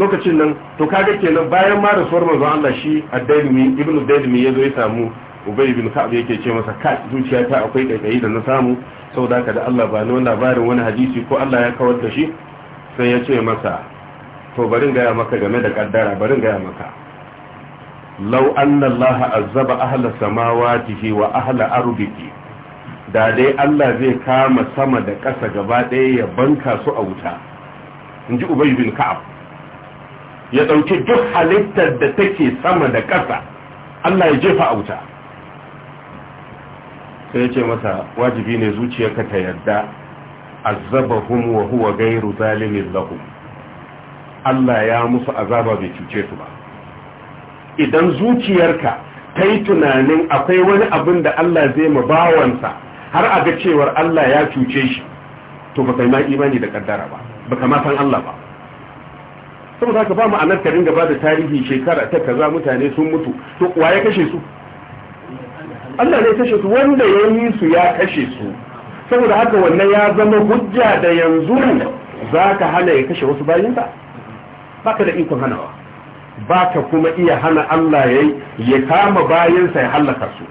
lokacin nan to kaga kenan bayan ma rasuwar Allah shi ad-Dailimi ibn ya zo ya samu Ubay ibn Ka'ab yake ce masa zuciya ta akwai kaikayi da na samu saboda haka da Allah ba ni wani labarin wani hadisi ko Allah ya kawar da shi sai ya ce masa to barin gaya maka game da kaddara barin gaya maka law anna Allah azzaba ahla samawati wa ahla ardihi da dai Allah zai kama sama da ƙasa gaba ɗaya ya banka su a wuta in ji ubay bin ka'ab ya ɗauki duk halittar da take sama da ƙasa Allah ya jefa a wuta sai ya ce masa wajibi ne zuciyarka ta yarda azabahum wa huwa gairu zalimin lahum Allah ya musu azaba bai cuce su ba idan zuciyarka kai tunanin akwai wani abin da Allah zai ma bawansa har a ga cewar Allah ya cuce shi to ba kai ma imani da kaddara ba ba ma san Allah ba saboda haka ba ma'anar ka ringa ba da tarihi shekara ta kaza mutane sun mutu to wa ya kashe su Allah ne kashe su wanda ya yi su ya kashe su saboda haka wannan ya zama hujja da yanzu za ka hana ya kashe wasu Ba baka da ikon hanawa baka kuma iya hana Allah ya kama bayansa ya hallaka su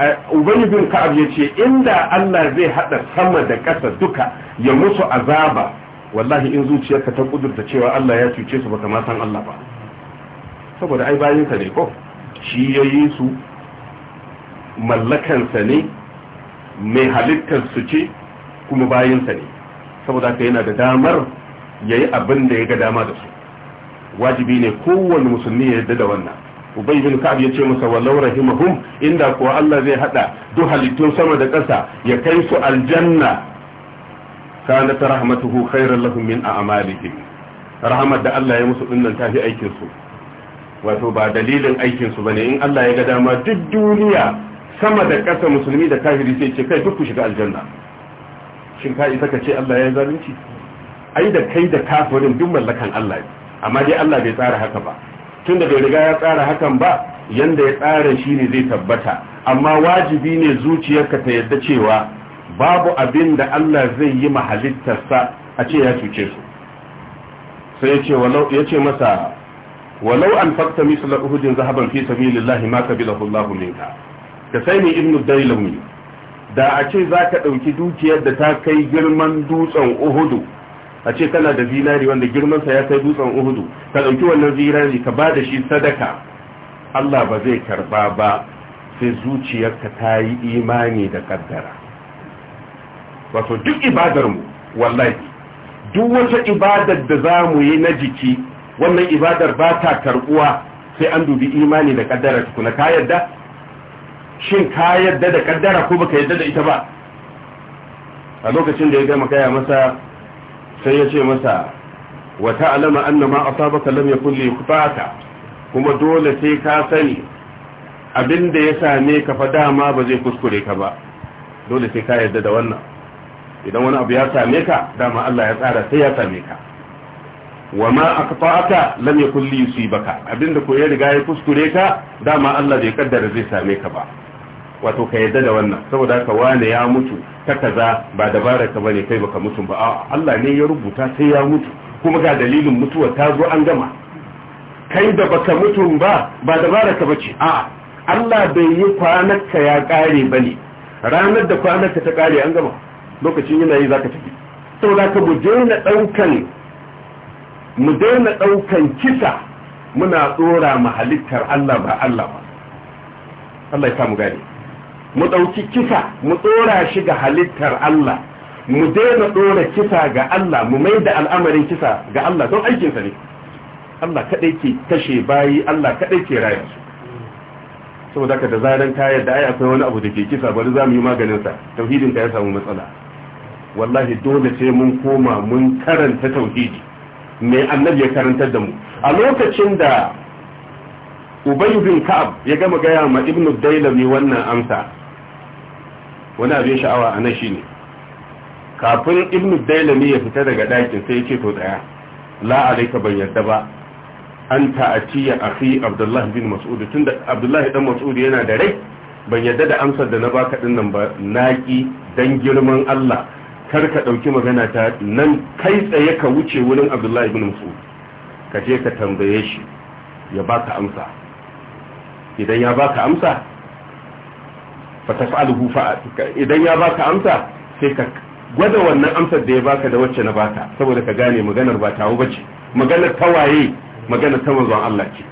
Eh, ubayi bin ka'ab ya ce inda Allah zai hada sama da ƙasa duka ya musu azaba wallahi in zuciyarka ta kudurta cewa Allah ya cuce su baka ma san Allah ba saboda ai ka ne ko shi ya yi su mallakansa ne mai halittar su ce kuma bayinsa ne saboda haka yana da damar ya yi abin da ya ga dama da su wajibi ne kowane musulmi ya yarda da wannan ubay bin ka'ab ya ce masa wallau rahimahum inda kuwa Allah zai hada duk halittun sama da ƙasa ya kai su aljanna kanat rahmatuhu khairan lahum min a'malihim rahmat da Allah ya musu dinnan tafi aikin su wato ba dalilin aikin su bane in Allah ya ga dama duk duniya sama da ƙasa musulmi da kafiri sai ce kai duk ku shiga aljanna shin ka isa ka ce Allah ya zalunci ai da kai da kafirin duk mallakan Allah amma dai Allah bai tsara haka ba tun da bai riga ya tsara hakan ba yanda ya tsara shi ne zai tabbata amma wajibi ne zuciyarka ta yadda cewa babu abin da Allah zai yi mahalittarsa a ce ya cuce su sai ya ce walau ya ce masa walau an fakta misal uhudin zahaban fi sabilillahi ma kabilahu Allah minka ka sai ni ibnu dailami da a ce zaka dauki dukiyar da ta kai girman dutsen uhudu a ce kana da zinari wanda girmansa ya kai dutsen uhudu ka ɗauki wannan zinari ka ba da shi sadaka Allah ba zai karba ba sai zuciyarka ta yi imani da kaddara wato duk ibadarmu wallahi duk wata ibadar da za mu yi na jiki wannan ibadar ba ta karbuwa sai an dubi imani da kaddara tukuna ka yadda shin ka yadda da kaddara ko baka yadda da ita ba a lokacin da ya gama kaya masa sai ya ce masa wa alama anna ma asabaka lam yakun li yukhfaka kuma dole sai ka sani abinda ya same ka fa dama ba zai kuskure ka ba dole sai ka yarda da wannan idan wani abu ya same ka dama Allah ya tsara sai ya same ka wa ma aqta'aka lam yakun li yusibaka abinda ko ya riga ya kuskure ka dama Allah bai kaddara zai same ka ba wato ka yadda da wannan saboda haka wane ya mutu ta kaza ba dabara ka bane kai baka mutu ba a'a Allah ne ya rubuta sai ya mutu kuma ga dalilin mutuwa ta zo an gama kai da baka mutu ba ba dabara ka bace a'a Allah bai yi kwanarka ya kare bane ranar da kwanarka ta kare an gama lokacin yana yi zaka tafi saboda ka mu daina daukan mu daina daukan kisa muna tsora mahalittar Allah ba Allah ba Allah ya samu gane mu ɗauki kisa mu ɗora shi ga halittar Allah mu daina ɗora kisa ga Allah mu mai da al'amarin kisa ga Allah don aikinsa ne Allah kaɗai ke kashe bayi Allah kaɗai ke raya saboda ka da zaran ka yadda ai akwai wani abu da ke kisa bari za mu yi maganinsa tauhidin ka ya samu matsala wallahi dole sai mun koma mun karanta tauhidi me annabi ya karantar da mu a lokacin da ubay bin ka'ab ya gama gaya ma ibnu ne wannan amsa wani abin sha'awa a nan ne kafin ibnu dailami ya fita daga ɗakin sai ya ce to tsaya la alaika ban yarda ba an ya akhi abdullahi bin mas'ud tunda abdullahi dan mas'ud yana da rai ban yarda da amsar da na baka din nan ba naki dan girman Allah kar ka ɗauki magana ta nan kai tsaye ka wuce wurin abdullahi bin mas'ud ka je ka tambaye shi ya baka amsa idan ya baka amsa fa taf'aluhu fa'atika idan ya baka amsa sai ka gwada wannan amsar da ya baka da wacce na baka saboda ka gane maganar ba ta tawo bace maganar ta waye maganar ta manzon Allah ce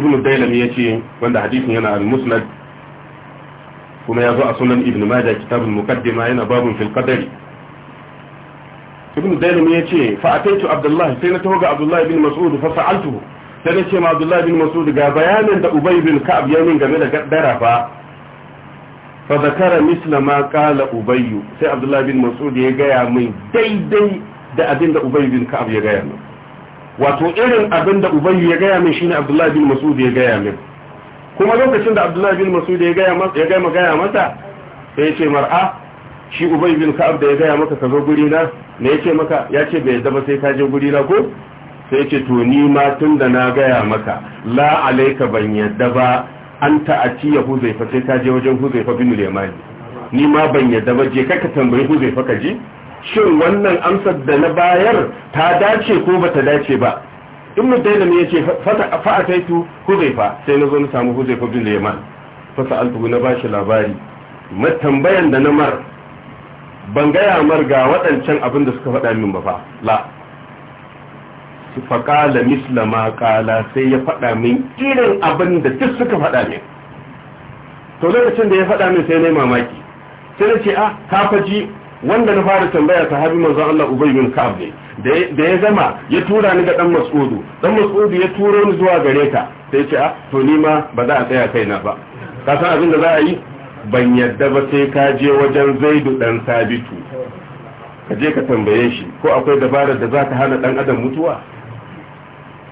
ibnu dailami ce wanda hadisin yana al-musnad kuma ya zo a sunan ibn majah kitabul muqaddima yana babun fil qadari ibn dailami yace fa ataitu abdullah sai na tawo ga abdullah ibn mas'ud fa sa'altuhu sai da ce ma Abdullah bin Mas'ud ga bayanin da Ubay bin Ka'ab ya min game da gaddara fa fa zakara misla ma qala Ubay sai Abdullah bin Mas'ud ya gaya min daidai da abin da Ubay bin Ka'ab ya gaya min wato irin abin da Ubay ya gaya min shine Abdullah bin Mas'ud ya gaya min kuma lokacin da Abdullah bin Mas'ud ya gaya masa ya gaya gaya masa sai ya ce mar'a ah, shi Ubay bin Ka'ab da ya gaya maka ka zo guri na me ya ce maka ya ce bai yadda ba sai ka je guri na ko sai ce to ni ma tun da na gaya maka la alaika ban yadda ba an ta'ati ya huzaifa sai ka je wajen huzaifa bin yamani ni ma ban yadda ba je ka tambayi huzaifa ka je shin wannan amsar da na bayar ta dace ko bata dace ba in mu ibnu yace fa ce kai fa'ataitu huzaifa sai na zo na samu huzaifa bin yaman fa sa'altuhu na bashi labari tambayan da na mar ban gaya mar ga waɗancan abin da suka faɗa min ba fa la faƙala misla ma ƙala sai ya faɗa min irin abin da duk suka faɗa min to lokacin da ya faɗa min sai na mamaki sai na ce a ah, kafaji wanda na fara tambaya ta habi manzon Allah uba bin ne da ya zama ya tura ni ga ɗan Mas'udu Ɗan Mas'udu ya turo ni zuwa gare ka sai ce a ah, to ni ma ba za a tsaya kaina ba ka san abin da za a yi ban yadda ba sai ka je wajen Zaidu dan Sabitu ka je ka tambaye shi ko akwai dabarar da za ta hana ɗan adam mutuwa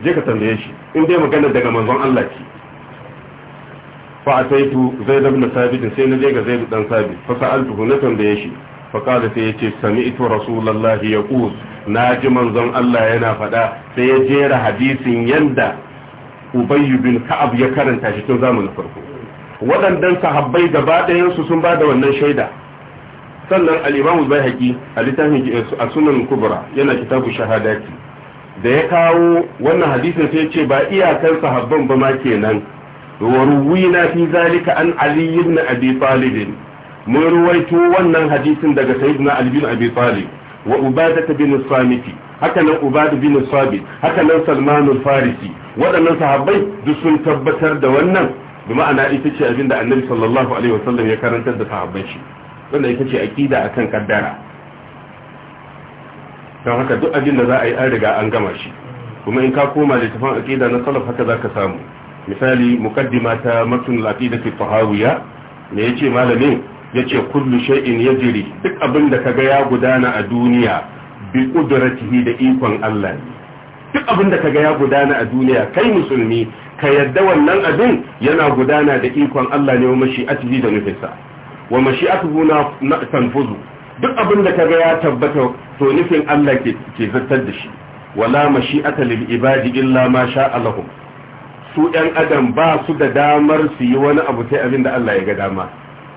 je ka tambaye shi in dai magana daga manzon Allah ce fa ataitu zaid ibn sabit sai na je ga zaid dan sabit fa sa'altuhu na tambaye shi fa qala sai yace sami'tu rasulullahi yaqul naji manzon Allah yana fada sai ya jera hadisin yanda ubay bin ka'ab ya karanta shi tun zamanin farko waɗannan sahabbai gaba ɗayan su sun bada wannan shaida sannan al-imam al-bayhaqi a littafin a sunan kubra yana kitabu shahadati da ya kawo wannan hadisin sai ce ba iyakar sahabban ba ma kenan wa ruwina fi zalika an ali ibn abi talib mun ruwaito wannan hadisin daga sayyidina ali ibn abi talib wa ubadah bin samiti haka nan ubadah bin sabit haka nan salman al-farisi waɗannan sahabbai duk sun tabbatar da wannan bi ma'ana ita ce abinda annabi sallallahu alaihi wasallam ya karantar da sahabban shi wannan ita ce aqida akan kaddara don haka duk abin da za a yi an riga an gama shi kuma in ka koma littafin aqida na salaf haka zaka samu misali muqaddima ta matn al fi tahawiya ne yace malamin yace kullu shay'in yajri duk abin da kaga ya gudana a duniya bi qudratihi da ikon Allah duk abin da kaga ya gudana a duniya kai musulmi ka yadda wannan abin yana gudana da ikon Allah ne wa mashi'atihi da nufinsa wa mashi'atuhu na tanfuzu duk abin da kaga ya tabbata to nufin Allah ke zartar da shi wala mashi'ata lil ibadi illa ma sha Allahum su ɗan adam ba su da damar su yi wani abu sai abin da Allah ya ga dama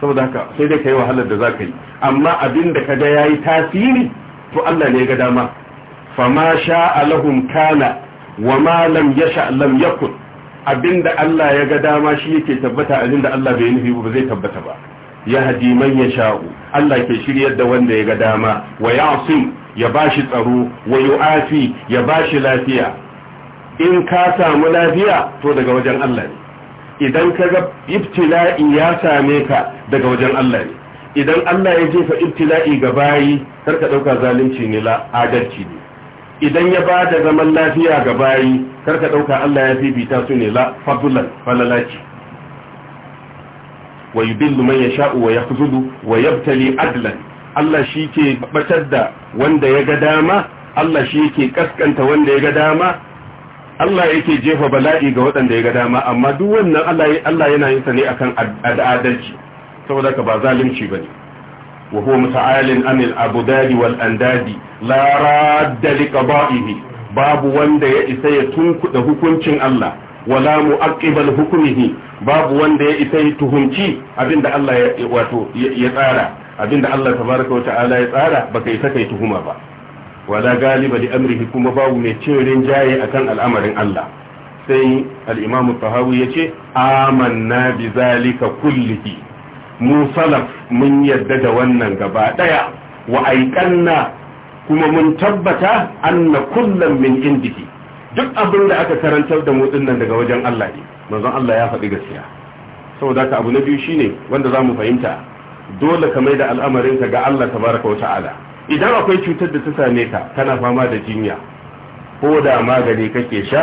saboda haka sai dai kai wahalar da zaka yi amma abin da kaga yayi tasiri to Allah ne ya ga dama fama sha Allahum kana wa ma lam yasha lam yakun abin da Allah ya ga dama shi yake tabbata abin da Allah bai nufi ba zai tabbata ba ya hadi man yasha'u Allah ke shiryar da wanda ya ga dama wa ya'sim ya bashi tsaro wa yu'afi ya bashi lafiya in ka samu lafiya to daga wajen Allah ne idan ka ga ibtila'i ya same ka daga wajen Allah ne idan Allah ya jefa ibtila'i ga bayi kar ka dauka zalunci ne la adalci ne idan ya ba da zaman lafiya ga bayi kar ka dauka Allah ya fifita su ne la fadlan falalaci wa yudillu ya yasha'u wa yafzudu wa yabtali adlan Allah shi ke batar da wanda ya ga dama Allah shi ke kaskanta wanda ya ga dama Allah yake jefa bala'i ga waɗanda ya ga dama amma duk wannan Allah yana yin sa ne akan adalci saboda ka ba zalunci bane wa huwa muta'alin anil abudadi wal andadi la radda liqaba'ihi babu wanda ya isa ya tunkuda hukuncin Allah wala mu'aqibal hukmihi babu wanda ya isa tuhumci abinda Allah ya wato ya tsara abinda Allah tabaraka ta'ala ya tsara baka isa kai tuhuma ba wala galiba li amrihi kuma babu mai cin jaye akan al'amarin Allah sai al-Imam Tahawi yace amanna bi zalika kullihi mu salaf mun yadda da wannan gaba daya wa aikanna kuma mun tabbata anna kullum min jiki. duk abin da aka karantar da motsin nan daga wajen Allah ne manzon Allah ya faɗi gaskiya saboda ka abu na biyu shine wanda zamu fahimta dole ka mai da al'amarinka ga Allah tabaraka wa ta'ala idan akwai cutar da ta same ka kana fama da jinya ko da magani kake sha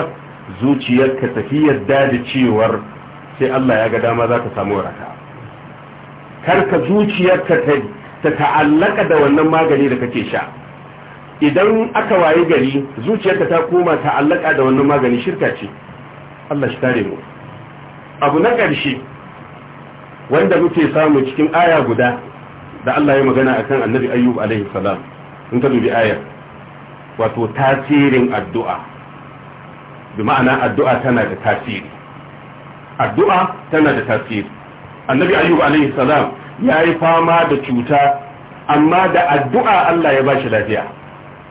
zuciyarka tafi yadda da cewar sai Allah ya ga dama za ka samu waraka Kar ka zuciyarka ta ta'allaka da wannan magani da kake sha idan aka waye gari zuciyarka ta koma ta allaka da wannan magani shirka ce Allah shi tare mu abu na ƙarshe wanda muke samu cikin aya guda da Allah ya magana akan annabi ayyub alaihi salam in ka dubi ayar wato tasirin addu'a bi ma'ana addu'a tana da tasiri addu'a tana da tasiri annabi ayyub alaihi salam ya fama da cuta amma da addu'a Allah ya ba shi lafiya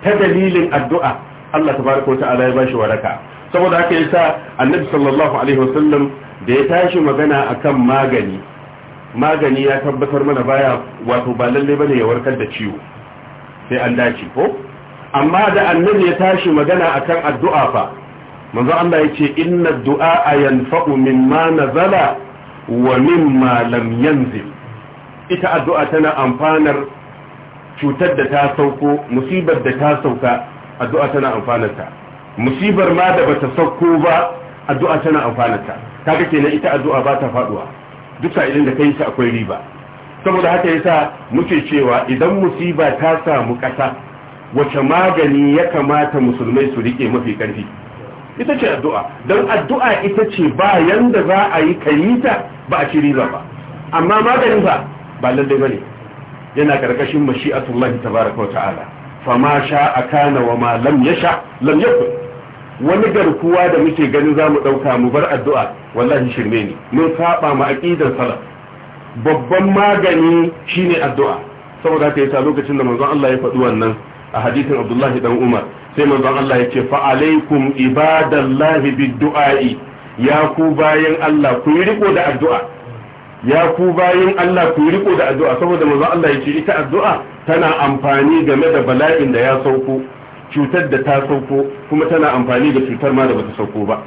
ta dalilin addu'a Allah tabaraka wata'ala ya bashi waraka saboda haka sa annabi sallallahu alaihi wasallam da ya tashi magana akan magani magani ya tabbatar mana baya wato ba lalle bane ya warkar da ciwo sai an dace ko amma da annabi ya tashi magana akan addu'a fa manzo Allah yace inna du'a yanfa'u mimma nazala wa mimma lam yanzil ita addu'a tana amfanar cutar da ta sauko musibar da ta sauka addu'a tana amfanarta musibar ma da bata sauko ba addu'a tana amfanarta kaga kenan ita addu'a ba ta faduwa duka idan da kai ta akwai riba saboda haka yasa muke cewa idan musiba ta samu kasa wace magani ya kamata musulmai su rike mafi karfi ita ce addu'a don addu'a ita ce ba yanda za a yi kayita ba a ci riba ba amma maganin ba ba lallai bane yana karkashin mashi'atullahi tabaraka wa ta'ala fama sha'a kana wa ma lam yasha lam yaku wani garkuwa da muke ganin za mu ɗauka mu bar addu'a wallahi shirme ne mun saba ma aƙidar salaf babban magani shine addu'a saboda haka yasa lokacin da manzon Allah ya faɗi wannan a hadisin Abdullahi dan Umar sai manzon Allah ya ce fa alaikum ibadallahi bid-du'a'i ya ku bayan Allah ku yi riko da addu'a ya ku bayin Allah ku riko da addu'a saboda manzo Allah yace ita addu'a tana amfani game da bala'in da ya sauko cutar da ta sauko kuma tana amfani da cutar ma da bata sauko ba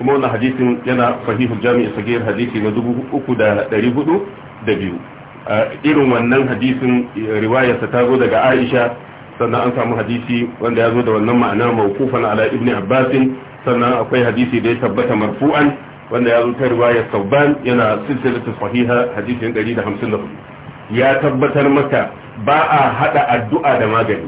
kuma wannan hadisin yana sahihul jami'i sagir hadisi na 3402 irin wannan hadisin eh, riwayarsa ta zo daga Aisha sannan an samu hadisi wanda ya zo da wannan ma'ana mawqufan ala ibni abbasin sannan akwai hadisi da ya tabbata marfu'an wanda ya zo ta riwayar sauban yana silsilatu sahiha hadisin 154 ya tabbatar maka ba a hada addu'a da magani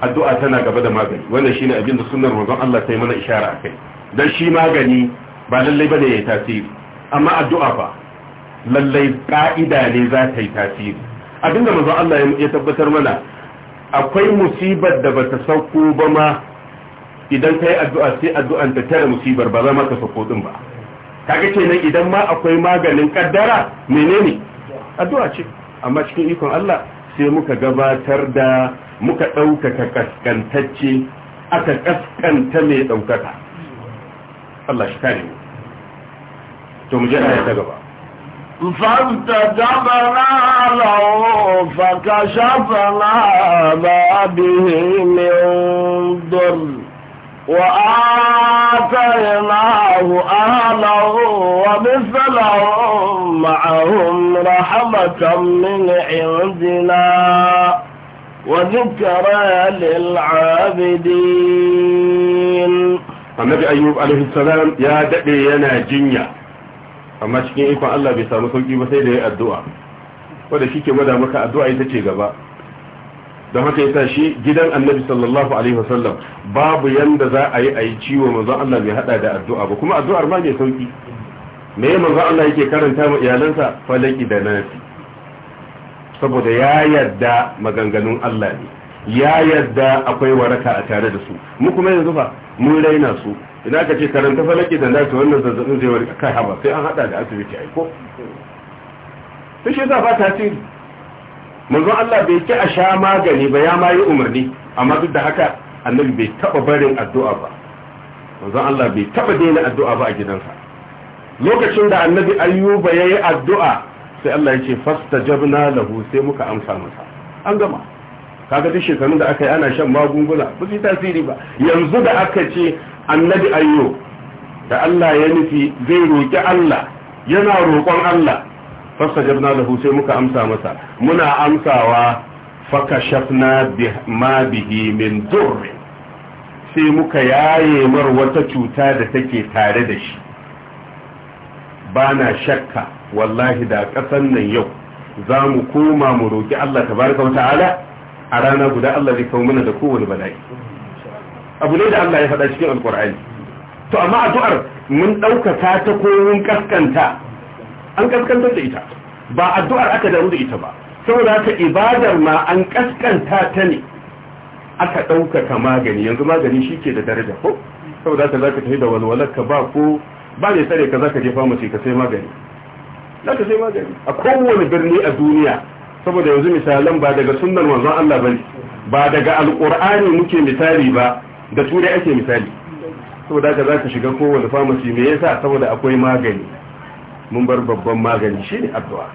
addu'a tana gaba da magani wannan shine abin da sunnar manzon Allah ta yi mana ishara akai dan shi magani ba lallai bane ya tasiri amma addu'a fa lallai ka'ida ne za ta yi tasiri abin da manzon Allah ya tabbatar mana akwai musibar da bata sauko ba ma idan kai addu'a sai addu'an ta tare musibar ba za ma ka sauko din ba ce kenan idan ma akwai maganin kaddara menene addu'a ce amma cikin ikon Allah sai muka gabatar da muka ɗaukaka kaskantacce aka kaskanta mai ɗaukaka Allah shi kare mu to mu je aya ta gaba فارتجبنا له فكشفنا ba bihi min dur. وآتيناه أهله ومثلهم معهم رحمة من عندنا وذكرى للعابدين النبي أيوب عليه السلام يا dade yana جنيا amma cikin ikon Allah bai samu sauki ba sai da ya addu'a wadda shi ke gwada maka addu'a ita ce gaba da haka yasa shi gidan annabi sallallahu alaihi wasallam babu yanda za a yi a yi ciwo manzon Allah bai hada da addu'a ba kuma addu'ar ma mai sauki me manzon Allah yake karanta ma iyalansa falaki da nasi saboda ya yarda maganganun Allah ne ya yarda akwai waraka a tare da su mu kuma yanzu fa mun raina su idan ka ce karanta falaki da nasi wannan zazzabin zai warka kai haba sai an hada da asibiti ai ko shi yasa ba tasiri manzon Allah bai ki a sha magani ba ya ma yi umarni amma duk da haka annabi bai taba barin addu'a ba manzon Allah bai taba daina addu'a ba a gidansa lokacin da annabi ayyuba yayi addu'a sai Allah ya ce fastajabna lahu sai muka amsa masa an gama kaga duk shekarun da aka yi ana shan magunguna ba su tasiri ba yanzu da aka ce annabi ayyuba da Allah ya nufi zai roki Allah yana roƙon Allah fastajabna lahu sai muka amsa masa muna amsawa fakashafna ma bihi min durr sai muka yaye mar wata cuta da take tare da shi bana shakka wallahi da kasan nan yau za mu koma mu roki Allah tabaraka wa ta'ala a rana guda Allah zai kawo mana da kowane bala'i abu ne da Allah ya faɗa cikin alkur'ani to amma addu'ar mun ɗaukaka ta ko mun kaskanta an kaskantar da ita ba addu'ar aka damu da ita ba saboda haka ibadar ma an kaskanta ta ne aka ɗaukaka magani yanzu magani shi ke da daraja ko saboda haka za ka tafi da walwalar ka ba ko ba ne tsare ka za ka je famasi ka sai magani za ka sai magani a kowane birni a duniya saboda yanzu misalan ba daga sunan wanzan Allah ba ne ba daga alƙur'ani muke misali ba da turai ake misali saboda haka za ka shiga kowane famasi me yasa saboda akwai magani mun bar babban magani shi ne addu'a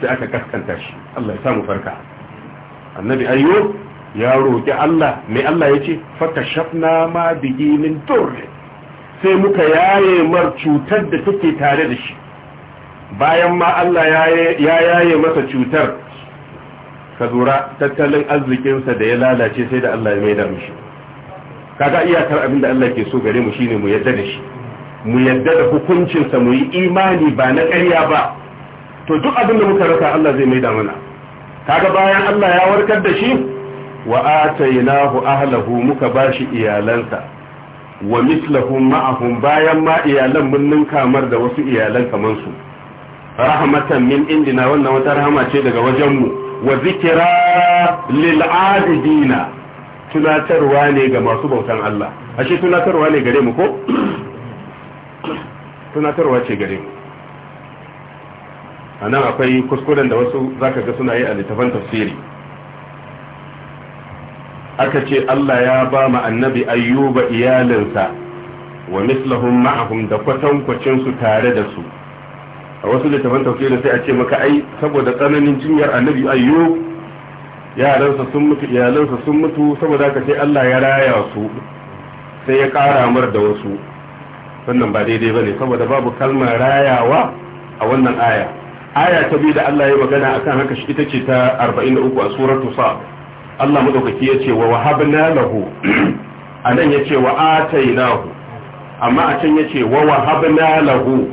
sai aka kaskanta shi Allah ya samu farka annabi ayyo ya roki Allah me Allah ya ce yace shafna ma bihi min sai muka yaye mar cutar da take tare da shi bayan ma Allah ya yaye masa cutar ka zura tattalin arzikinsa da ya lalace sai da Allah ya mai da mishi kaga iyakar abin da Allah ke so gare mu shine mu yadda da shi mu yadda da hukuncinsa mu yi imani ba na ƙarya ba to duk abin da muka rasa Allah zai da mana kaga bayan Allah ya warkar da shi wa atainahu ahlahu muka bashi iyalansa wa mislahum ma'ahum bayan ma iyalan mun ninka mar da wasu iyalan kaman su rahmatan min indina wannan wata rahama ce daga wajen mu wa zikra lil tunatarwa ne ga masu bautan Allah ashe tunatarwa ne gare mu ko tunatarwa ce gare mu a nan akwai kuskuren da wasu zaka ga suna yi a littafan tafsiri aka ce Allah ya ba mu annabi ayyuba iyalinsa wa mislahum ma'ahum da kwatankwacin tare da su a wasu littafan tafsirin sai a ce maka ai saboda tsananin jinyar annabi ayyub yaransa sun mutu iyalansa sun mutu saboda aka ce Allah ya raya su sai ya kara mar da wasu wannan ba daidai ba ne saboda babu kalmar rayawa a wannan aya aya ta biyu da Allah ya magana akan haka shi ita ce ta 43 a suratu sa Allah madaukaki ya ce wa wahabna lahu nan ya ce wa atainahu amma a can ya ce wa wahabna lahu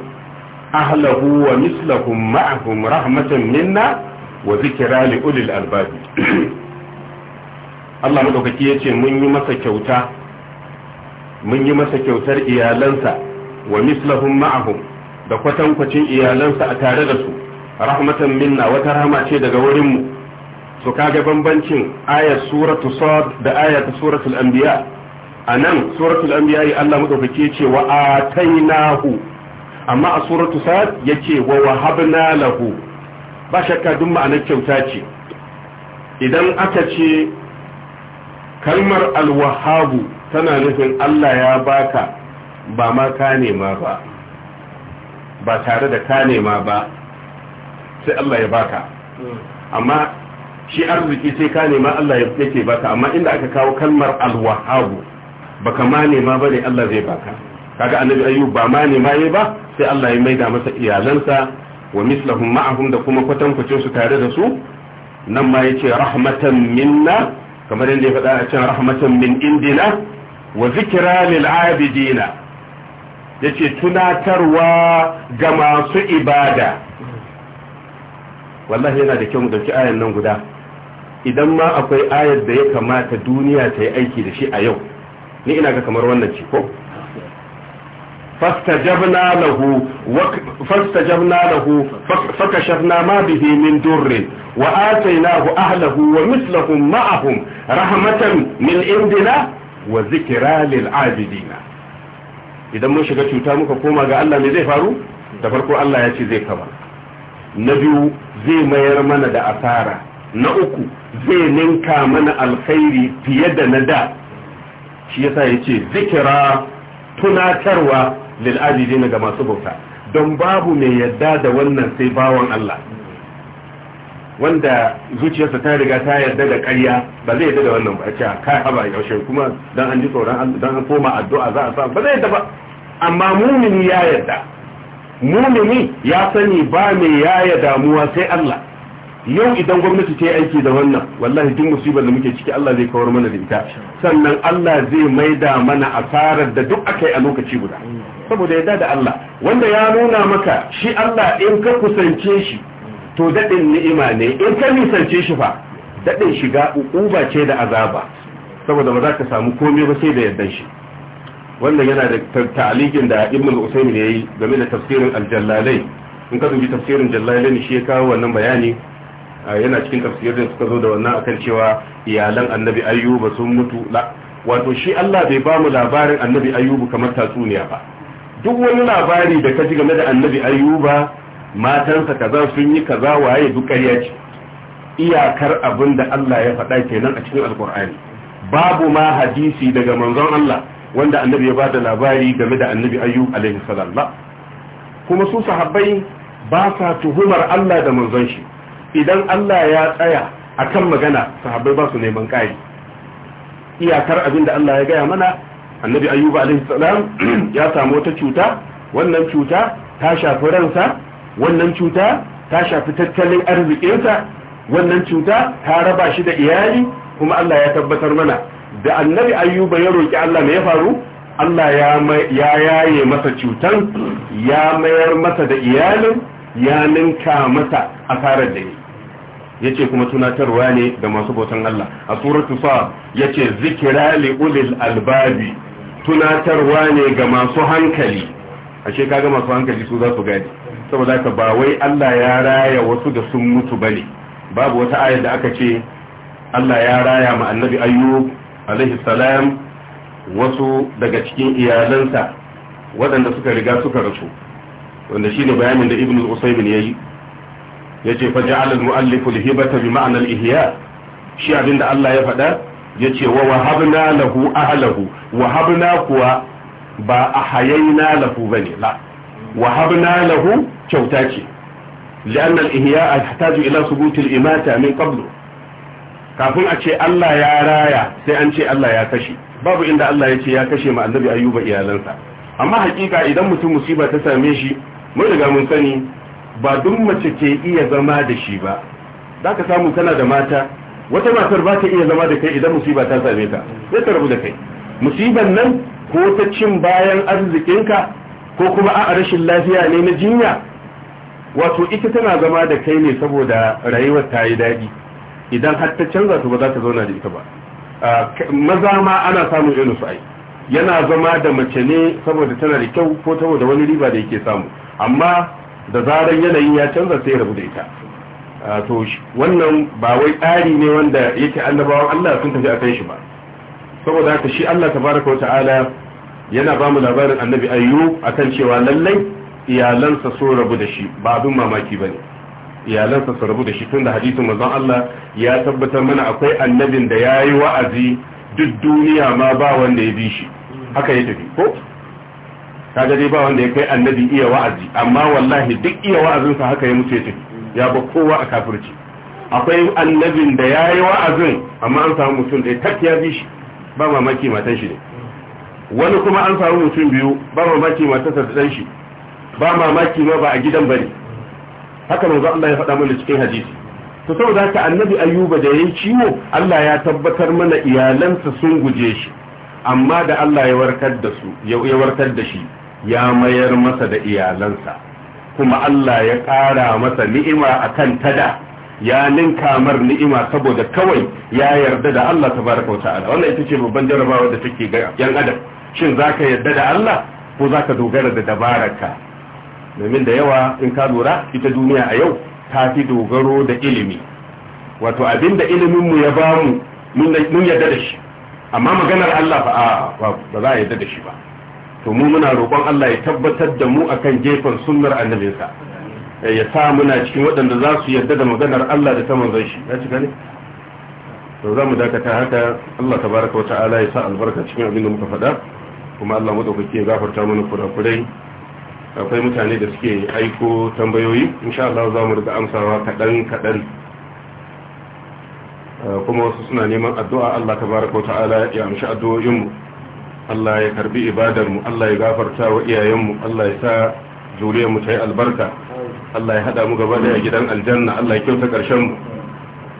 ahlahu wa mislahum ma'ahum rahmatan minna wa zikra li ulil albab Allah madaukaki ya ce mun yi masa kyauta mun yi masa kyautar iyalansa wa mislahum ma'ahum da kwatankwacin iyalansa a tare da su rahmatan minna wata rahama ce daga wurinmu su kaga bambancin ayat suratu sad da ayat suratul anbiya anan suratul anbiya Allah madaukake ce wa atainahu amma a suratu sad yace wa wahabna lahu ba shakka duk ma'anar kyauta ce idan aka ce kalmar alwahabu tana nufin Allah ya baka ba ma ka nema ba ba tare da ka nema ba sai Allah ya baka amma shi arziki sai ka nema Allah ce baka amma inda aka kawo kalmar alwahabu baka ma nema ba ne Allah zai baka kaga annabi ayyub ba ma nema yayi ba sai Allah ya maida masa iyalansa wa mislahum ma'ahum da kuma kwatankwacin su tare da su nan ma yace rahmatan minna kamar yadda ya faɗa a can rahmatan min indina wa zikira lil ya yace tunatarwa ga masu ibada wallahi yana da kyau mu ɗauki ayan nan guda idan ma akwai ayar da ya kamata duniya ta yi aiki da shi a yau ni ina ga kamar wannan ce ko فاستجبنا له فاستجبنا له فكشفنا ما به من در وآتيناه أهله ومثلهم معهم رحمة من عندنا wa zikira lil abidina idan mun shiga cuta muka koma ga Allah ne zai faru da farko Allah ya ce zai kama na biyu zai mayar mana da asara na uku zai ninka mana alkhairi fiye da na da shi yasa ya ce zikira tunatarwa lil abidina ga masu bauta don babu mai yadda da wannan sai bawan Allah wanda zuciyarsa ta riga ta yarda da ƙarya ba zai yarda da wannan ba ce ka haba yaushe kuma dan an ji tsoron dan an koma addu'a za a samu ba zai yarda ba amma mumini ya yarda mumini ya sani ba mai yaya damuwa sai Allah yau idan gwamnati ta yi aiki da wannan wallahi duk musibar da muke ciki Allah zai kawar mana da ita sannan Allah zai maida mana asarar da duk aka yi a lokaci guda saboda yadda da Allah wanda ya nuna maka shi Allah in ka kusance shi to daɗin ni'ima ne in ka nisance shi fa daɗin shiga uba ce da azaba saboda ba za ka samu komai ba sai da yadda shi wannan yana da ta'alikin da ibn al ya yi game da tafsirin al in ka dubi tafsirin jallalai shi ya kawo wannan bayani yana cikin tafsirin suka zo da wannan akan cewa iyalan annabi ayyuba sun mutu la wato shi Allah bai ba mu labarin annabi ayyubu kamar tatsuniya ba duk wani labari da ka ji game da annabi ayyuba matansa kaza sun yi kaza waye duk ƙarya ce iyakar abin Allah ya faɗa kenan a cikin alkur'ani babu ma hadisi daga manzon Allah wanda annabi ya bada labari game da annabi ayyub alaihi salam ba kuma su sahabbai ba sa tuhumar Allah da manzon shi idan Allah ya tsaya akan magana sahabbai ba su neman kai iyakar abinda Allah ya gaya mana annabi ayyub alaihi salam ya samu wata cuta wannan cuta ta shafi ransa wannan cuta ta shafi tattalin arzikinsa wannan cuta ta raba shi da iyali kuma Allah ya tabbatar mana da annabi ayyuba ya roki Allah me ya faru Allah ya yaye masa cutan ya mayar masa da iyalin ya ninka masa asarar da ya ce kuma tunatarwa ne da masu bautan Allah a suratu sa ya ce zikira li ulil albabi tunatarwa ne ga masu hankali ashe kaga masu hankali su zasu su gadi saboda haka ba wai Allah ya raya wasu da sun mutu bane babu wata aya da aka ce Allah ya raya ma annabi ayyub alaihi salam wasu daga cikin iyalansa waɗanda suka riga suka rasu wanda shine bayanin da ibnu usaymin yayi yace fa ja'ala al-mu'allif al-hibata bi ma'na al-ihya shi abinda Allah ya faɗa yace wa wahabna lahu ahlahu wahabna kuwa ba ahayaina lahu bane la na lahu kyauta ce li'anna al a hataju ila thubut al-imata min qablu kafin a ce Allah ya raya sai an ce Allah ya kashe babu inda Allah ya ce ya kashe ma annabi ayyuba iyalansa amma hakika idan mutum musiba ta same shi mun riga mun sani ba duk mace ke iya zama da shi ba za ka samu kana da mata wata matar ba ta iya zama da kai idan musiba ta same ka sai ta rabu da kai musiban nan ko ta cin bayan arzikinka ko kuma a rashin lafiya ne na jinya wato ita tana zama da kai ne saboda rayuwar ta yi daɗi idan har ta canza to ba za ta zauna da ita ba maza ma ana samun irin su ai yana zama da mace ne saboda tana da kyau ko saboda wani riba da yake samu amma da zaran yanayin ya canza sai rabu da ita to wannan ba wai tsari ne wanda yake annabawan Allah sun tafi a kai shi ba saboda haka shi Allah tabaraka wa ta'ala yana ba mu labarin annabi ayyub akan cewa lallai iyalansa sun rabu da shi ba abin mamaki ba ne iyalansa sun rabu da shi tun da hadisin manzon Allah ya tabbatar mana akwai annabin da ya yi wa'azi duk duniya ma ba wanda ya bi shi haka ya tafi ko ta dai ba wanda ya kai annabi iya wa'azi amma wallahi duk iya wa'azinsa haka ya mutu ya tafi ya ba kowa a kafirci akwai annabin da ya yi wa'azin amma an samu mutum da ya tak ya bi shi ba mamaki matan shi ne wani kuma an samu mutum biyu ba mamaki matarsa da ɗan shi ba mamaki ma ba a gidan bari haka manzo Allah ya faɗa mana cikin hadisi to saboda haka annabi ayuba da yayin ciwo Allah ya tabbatar mana iyalansa sun guje shi amma da Allah ya warkar da su ya warkar da shi ya mayar masa da iyalansa kuma Allah ya ƙara masa ni'ima akan tada ya ninka mar ni'ima saboda kawai ya yarda da Allah tabaraka wa ta'ala wannan ita ce babban jarabawa da take ga yan adam shin za ka yadda da Allah ko za ka dogara da dabararka domin da yawa in ka lura ita duniya a yau ta fi dogaro da ilimi wato abin da iliminmu ya ba mu mun yadda da shi amma maganar Allah ba ba za a yadda da shi ba to mu muna roƙon Allah ya tabbatar da mu akan jefan sunnar annabinsa eh, ya sa muna cikin waɗanda za su yarda da maganar Allah da ta manzon shi ya ci gani? to za mu dakata haka Allah tabaraka wa ta'ala ya sa albarka cikin abin da muka faɗa kuma Allah madaukaki ya gafarta mana kurakurai akwai mutane da suke aiko tambayoyi insha Allah za mu riga amsawa kaɗan kaɗan ah, kuma wasu suna neman addu'a Allah tabaraka wa ta'ala ya amshi addu'o'inmu Allah ya karbi ibadarmu Allah ya gafarta wa iyayenmu Allah ya sa zuriyarmu ta yi albarka Allah ya haɗa mu gaba da gidan aljanna Allah ya kyauta ƙarshenmu. mu